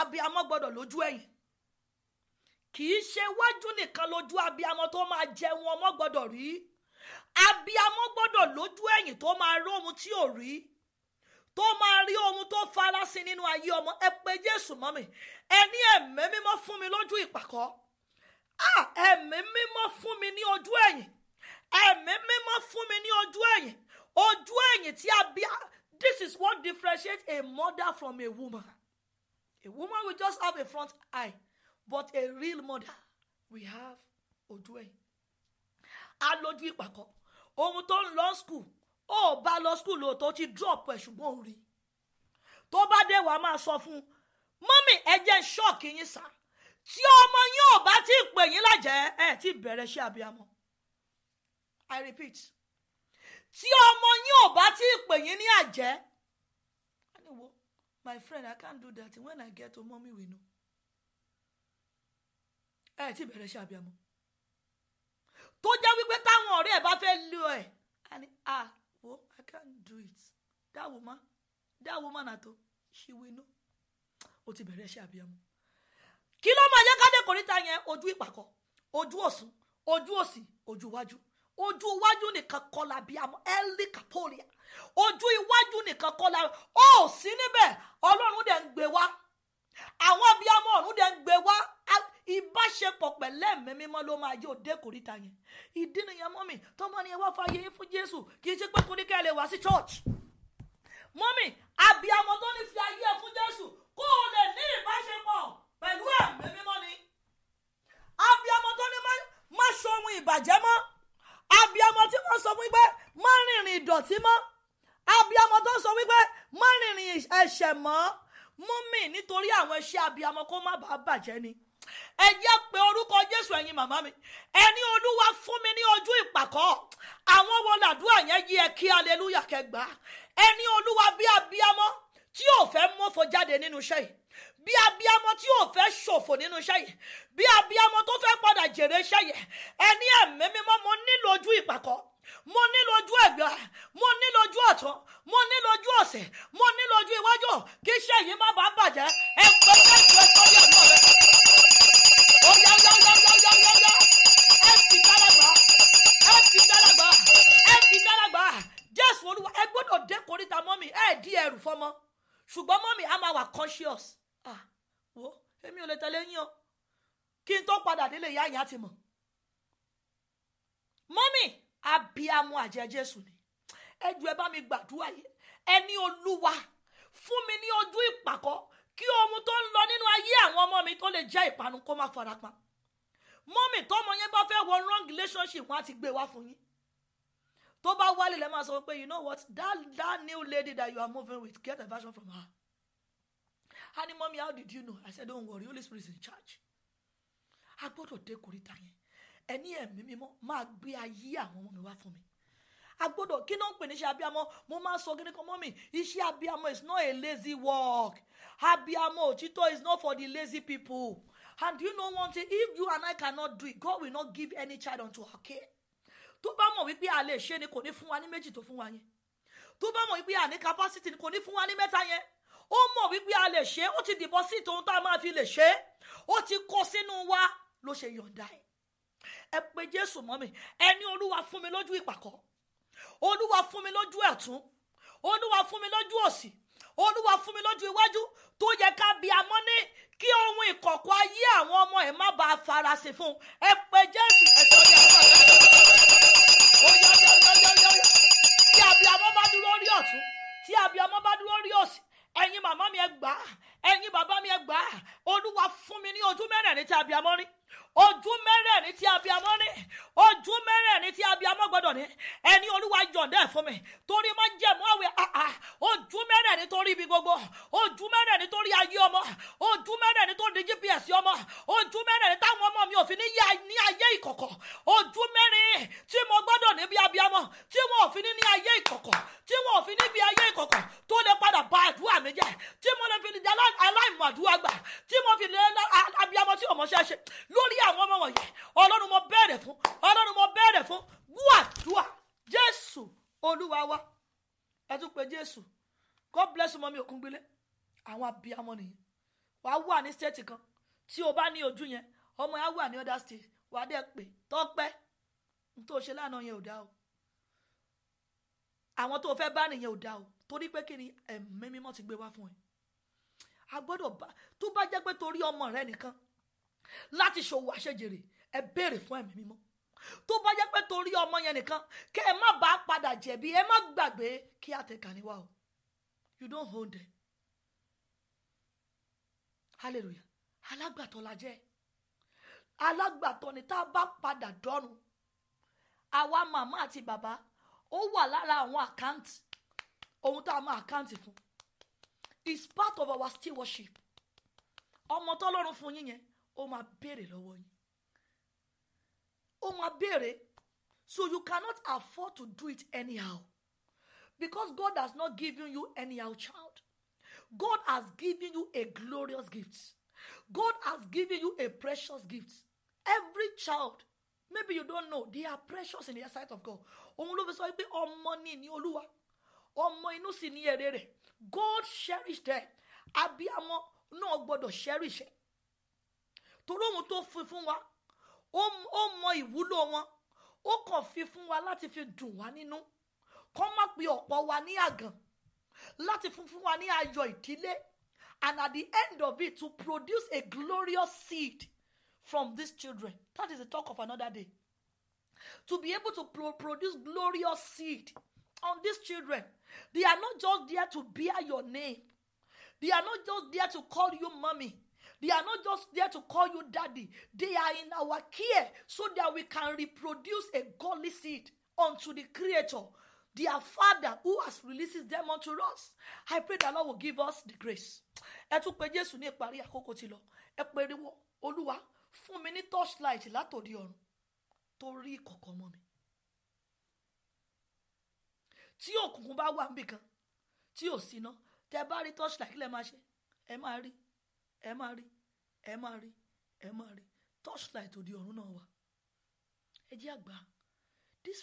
abiyamọ gbọdọ̀ lójú ẹ̀yìn kì í ṣe wájú nìkan lójú abiyamọ tó máa jẹun ọmọ gbọdọ̀ rí abiyamọ gbọdọ̀ lójú ẹ̀yìn tó máa rí ohun tí ò rí tó máa rí ohun tó farasin nínú ayé ọmọ ẹ pé Jésù mọ́ mi ẹ ní ẹ̀mí mímọ́ fún mi lójú ìpàkọ́ ẹ̀mí mímọ́ fún mi ní ojú ẹ̀yìn ẹ̀mí mímọ́ fún mi ní ojú ẹ̀yìn ojú ẹ̀yìn tí a bí this is what differentiates a mother from a woman A woman will just have a front eye, but a real mother will have ojú ẹ̀yìn. A lójú ìpàkọ́. Ohun tó ń lọ school, ó bá lọ school lóòótọ́ ti drop ẹ̀ ṣùgbọ́n ò rí. Tó bá dé wàá máa sọ fún un, mọ́mì ẹ jẹ́ ṣọ́ọ̀kì yín sá. Tí ọmọ yín ò bá ti pè yín lájẹ́, ẹ ti bẹ̀rẹ̀ ṣe àbíamọ. I repeat. Tí ọmọ yín ò bá ti pè yín ní àjẹ́, my friend i can't do that when i get to mommy we know ẹ ti bẹ̀rẹ̀ ṣe àbíamọ tó jẹ́ wípé táwọn ọ̀rẹ́ ẹ̀ bá fẹ́ lé ẹ̀ á ní à wo i can't do it that woman that woman àtọ she will know ó ti bẹ̀rẹ̀ ṣe àbíamọ kí ló máa yẹ kádé kòríta yẹn ojú ìpàkọ́ ojú ọ̀sùn ojú òsì ojú iwájú ojú iwájú nìkan kọ́ làbíamọ ẹ̀ lè ojú iwájú nìkan kọ́ la ó sí níbẹ̀ ọlọ́run dẹ̀ ń gbé wá àwọn abiyamọ ọ̀run dẹ̀ ń gbé wá ìbáṣepọ̀ pẹ̀lú ẹ̀mí mímọ́ ló máa yóò dé kòríta yẹn ìdí nìyẹn mọ́mì tó ni ẹ wá fààyè yín fún jésù kì í ṣe pé kò ní kẹ́ ẹ lè wá sí church mọ́mì abiyamọ tó ní fi ayé ẹ fún jésù kó o lè ní ìbáṣe ẹ̀ṣẹ̀ mọ́ mú mi nítorí àwọn iṣẹ́ abiyamọ kó má bàa bàjẹ́ ni ẹ jẹ́ pé orúkọ jésù ẹ̀yin màmá mi ẹni olúwa fún mi ní ojú ìpàkọ́ àwọn wo làdúrà yẹn yí ẹ kí aleluya kẹgbà ẹni olúwa bí abiyamọ tí ò fẹ́ mọ́fọ jáde nínú iṣẹ́ yìí bí abiyamọ tí ò fẹ́ ṣòfò nínú iṣẹ́ yìí bí abiyamọ tó fẹ́ padà jèrè iṣẹ́ yìí ẹni ẹ̀mí mímọ́ mo nílò ojú ìpàkọ́ mo ní lójú ẹ̀gbà mo ní lójú ọ̀tún mo ní lójú ọ̀sẹ̀ mo ní lójú iwájú kí iṣẹ́ yìí má bàa bàjẹ́ ẹ pé kẹ́kọ̀ọ́ ẹ sọ́rí ẹ̀mí ọ̀rẹ́ ọ̀yá ọ̀yá ọ̀yá ọ̀yá ọ̀yá ọ̀yá ẹ fi dálàgbà ẹ fi dálàgbà ẹ fi dálàgbà jésù olúwa ẹ gbọ́dọ̀ dé koríta mọ́mì ẹ di ẹrù fọmọ ṣùgbọ́n mọ́mì á máa wà conscious ah wo èmi ò lè tẹ̀lé yín o kí n tó padà délé ìyá ti mọ̀ mọ́mì abiamọ àjẹ jésù ni ẹ jù ẹ bá mi gbàdúrà yìí ẹ ní olúwa fún mi ní ojú ìpàkọ́ kí ohun tó ń lọ nínú ayé àwọn ọmọ mi tó lè jẹ́ ìpanu kó má farapa mọ́mì tọ́mọ yẹn bá fẹ́ wọ wrong relationship wọn á ti gbé wá fún yín tó bá wálé lẹ́ máa sọ pé you know what that that new lady that you are moving with get a version from her honey mommy how did you know i said don't worry holy spirit is in charge a gbọ́dọ̀ dé kòríta yẹn ẹni ẹ̀mí mímọ́ máa gbé ayé àwọn ọmọ mi wá fún mi agbọ́dọ̀ kí ló ń pè ní iṣẹ́ abiyamọ mo máa ń sọ gidi kan mọ́ mi iṣẹ́ abiyamọ is not a lazy work abiyamọ òtítọ́ is not for the lazy people and you know one thing if you and I cannot do it God will not give any child unto our care tó bá mọ̀ wípé a lè ṣe ni kò ní fún wa ní méjì tó fún wa yẹn tó bá mọ̀ wípé a capacity ni kò ní fún wa ní mẹ́ta yẹn ó mọ̀ wípé a ṣe ó ti deposit ohun tá a máa fi lè ṣe ó ti kó sínú wa ló ṣe yọ̀ǹda ẹ̀ ẹ pe jésù mọ́ mi ẹ ní olúwa fún mi lójú ìpàkọ́ olúwa fún mi lójú ẹ̀tún olúwa fún mi lójú òsì olúwa fún mi lójú iwájú tó yẹ ká bi amọ́ ní kí ohun ìkọ̀kọ̀ ayé àwọn ọmọ ẹ̀ má bàa farasin fún un ẹ pe jésù ẹ̀sọ́ ní àwọn ọ̀rẹ́ tí abiyamọ bá dúró rí ọ̀tún tí abiyamọ bá dúró rí òsì ẹ̀yin màmá mi ẹ gbà á ẹ̀yin bàbá mi ẹ gbà olúwa fún mi ní ojú mẹ́rẹ̀ẹ̀rin tí abiyamọ rí ojú mẹ́rẹ̀ẹ̀rin tí abiyamọ ní ojú mẹ́rẹ̀ẹ̀rin tí abiyamọ gbọ́dọ̀ ní ẹni olúwa yọ̀ǹda ẹ̀ fún mi torí má jẹ̀mú àwẹ̀ àà ojú mẹ́rẹ̀ẹ̀rin tó rí ibi gbogbo ojú mẹ́rẹ̀ẹ̀rin tó rí ayé ọmọ ojú mẹ́rẹ̀ẹ̀rin tó rí gps ọmọ ojú mẹ́rẹ̀ẹ̀rin táwọn ọmọ mi ò fi ní yá ní ayé ìkọ̀kọ̀ ojú mẹ́rin tí mo gbọ́dọ̀ níbi abiyamọ tí wọn ò fi ní ní ayé ìkọ̀kọ̀ tí wọn ò fi níbi ayé ìkọ̀kọ̀ tó lè padà bà àdúrà mi jẹ́ tí mo lè fi aláìmọ̀ àdúrà gbà tí mo fi lè abiyamọ tí ọmọ ṣẹ́ ṣe lórí àwọn ọmọ wọ̀nyí ọlọ́run mo bẹ̀rẹ̀ fún ọlọ́run mo bẹ̀rẹ̀ fún gbúàdúà jésù olúwa wa ẹ tún pe jésù god bless you mọ́mí òkúngbélé àwọn abiyamọ nìyí wàá wà ní stéètì kan tí o bá ní ojú yẹn ọmọ yẹn á wà ní other state wàá dẹ́ pé tọ́pẹ́ nítorí o ṣe lánàá yẹn ò dá o àwọn tó o fẹ́ bá nìyẹn ò dá o torí pé kí ni ẹ̀mí mímọ́ ti gbé wá fún ẹ a gbọ́dọ̀ bá tó bá jẹ́ pé torí ọmọ rẹ nìkan láti ṣòwò àṣejèrè ẹ béèrè fún ẹ̀mí mímọ́ tó bá jẹ́ pé torí ọmọ yẹn nìkan kẹ́ ẹ má bá a padà jẹ̀bi ẹ má gbàgbé kí àtẹ̀kà ni wá o you don't hold it. hallelujah alágbàtọ́ la jẹ́ alágbàtọ́ ni tá a bá padà dọ́run àwa màmá àti bàbá ó wà lára àwọn àkáǹtì ohun tá a máa àkáǹtì fún is part of our stewardship ọmọ tọ́lọ́run fún yín yẹn ó máa béèrè lọ́wọ́ yín ó máa béèrè so you cannot afford to do it anyhow because God has not given you anyhow child God has given you a glorious gift God has given you a precious gift every child maybe you don't know they are precious in the sight of God òun ló fi sọ pé ọmọ ni ní olúwa ọmọ inú sì ní èrè rẹ̀ God cherish them abiyamọ náà gbọ́dọ̀ cherish it torí òun tó fi fún wa ó mọ ìwúlò wọn ó kàn fi fún wa láti fi dùn wá nínú kó má pe ọ̀pọ̀ wa ní àgàn láti fún fún wa ní ayọ̀ ìdílé and at the end of it to produce a glorious seed from these children that is the talk of another day to be able to pro produce glorious seed on these children they are not just there to bear your name they are not just there to call you mommy They are not just there to call you daddy, they are in our care so that we can reproduce a godly seed unto the Creator. Their Father who has released them unto us. I pray that Lord will give us the grace. Ẹ tún pe Jésù ní ìparí àkókò tí lọ. Ẹ pe eriwo Olúwa fún mi ní torchlight látòdì ọ̀run tó rí ìkọ̀kọ̀ mọ́ mi. Tí òkùnkùn bá wà níbìkan tí ò síná tẹ bá rí torchlight kí lẹ máa ṣe ẹ máa rí ẹ máa rí ẹ máa rí ẹ máa rí torchlight òde ọ̀run náà wà ẹ jẹ́ àgbà this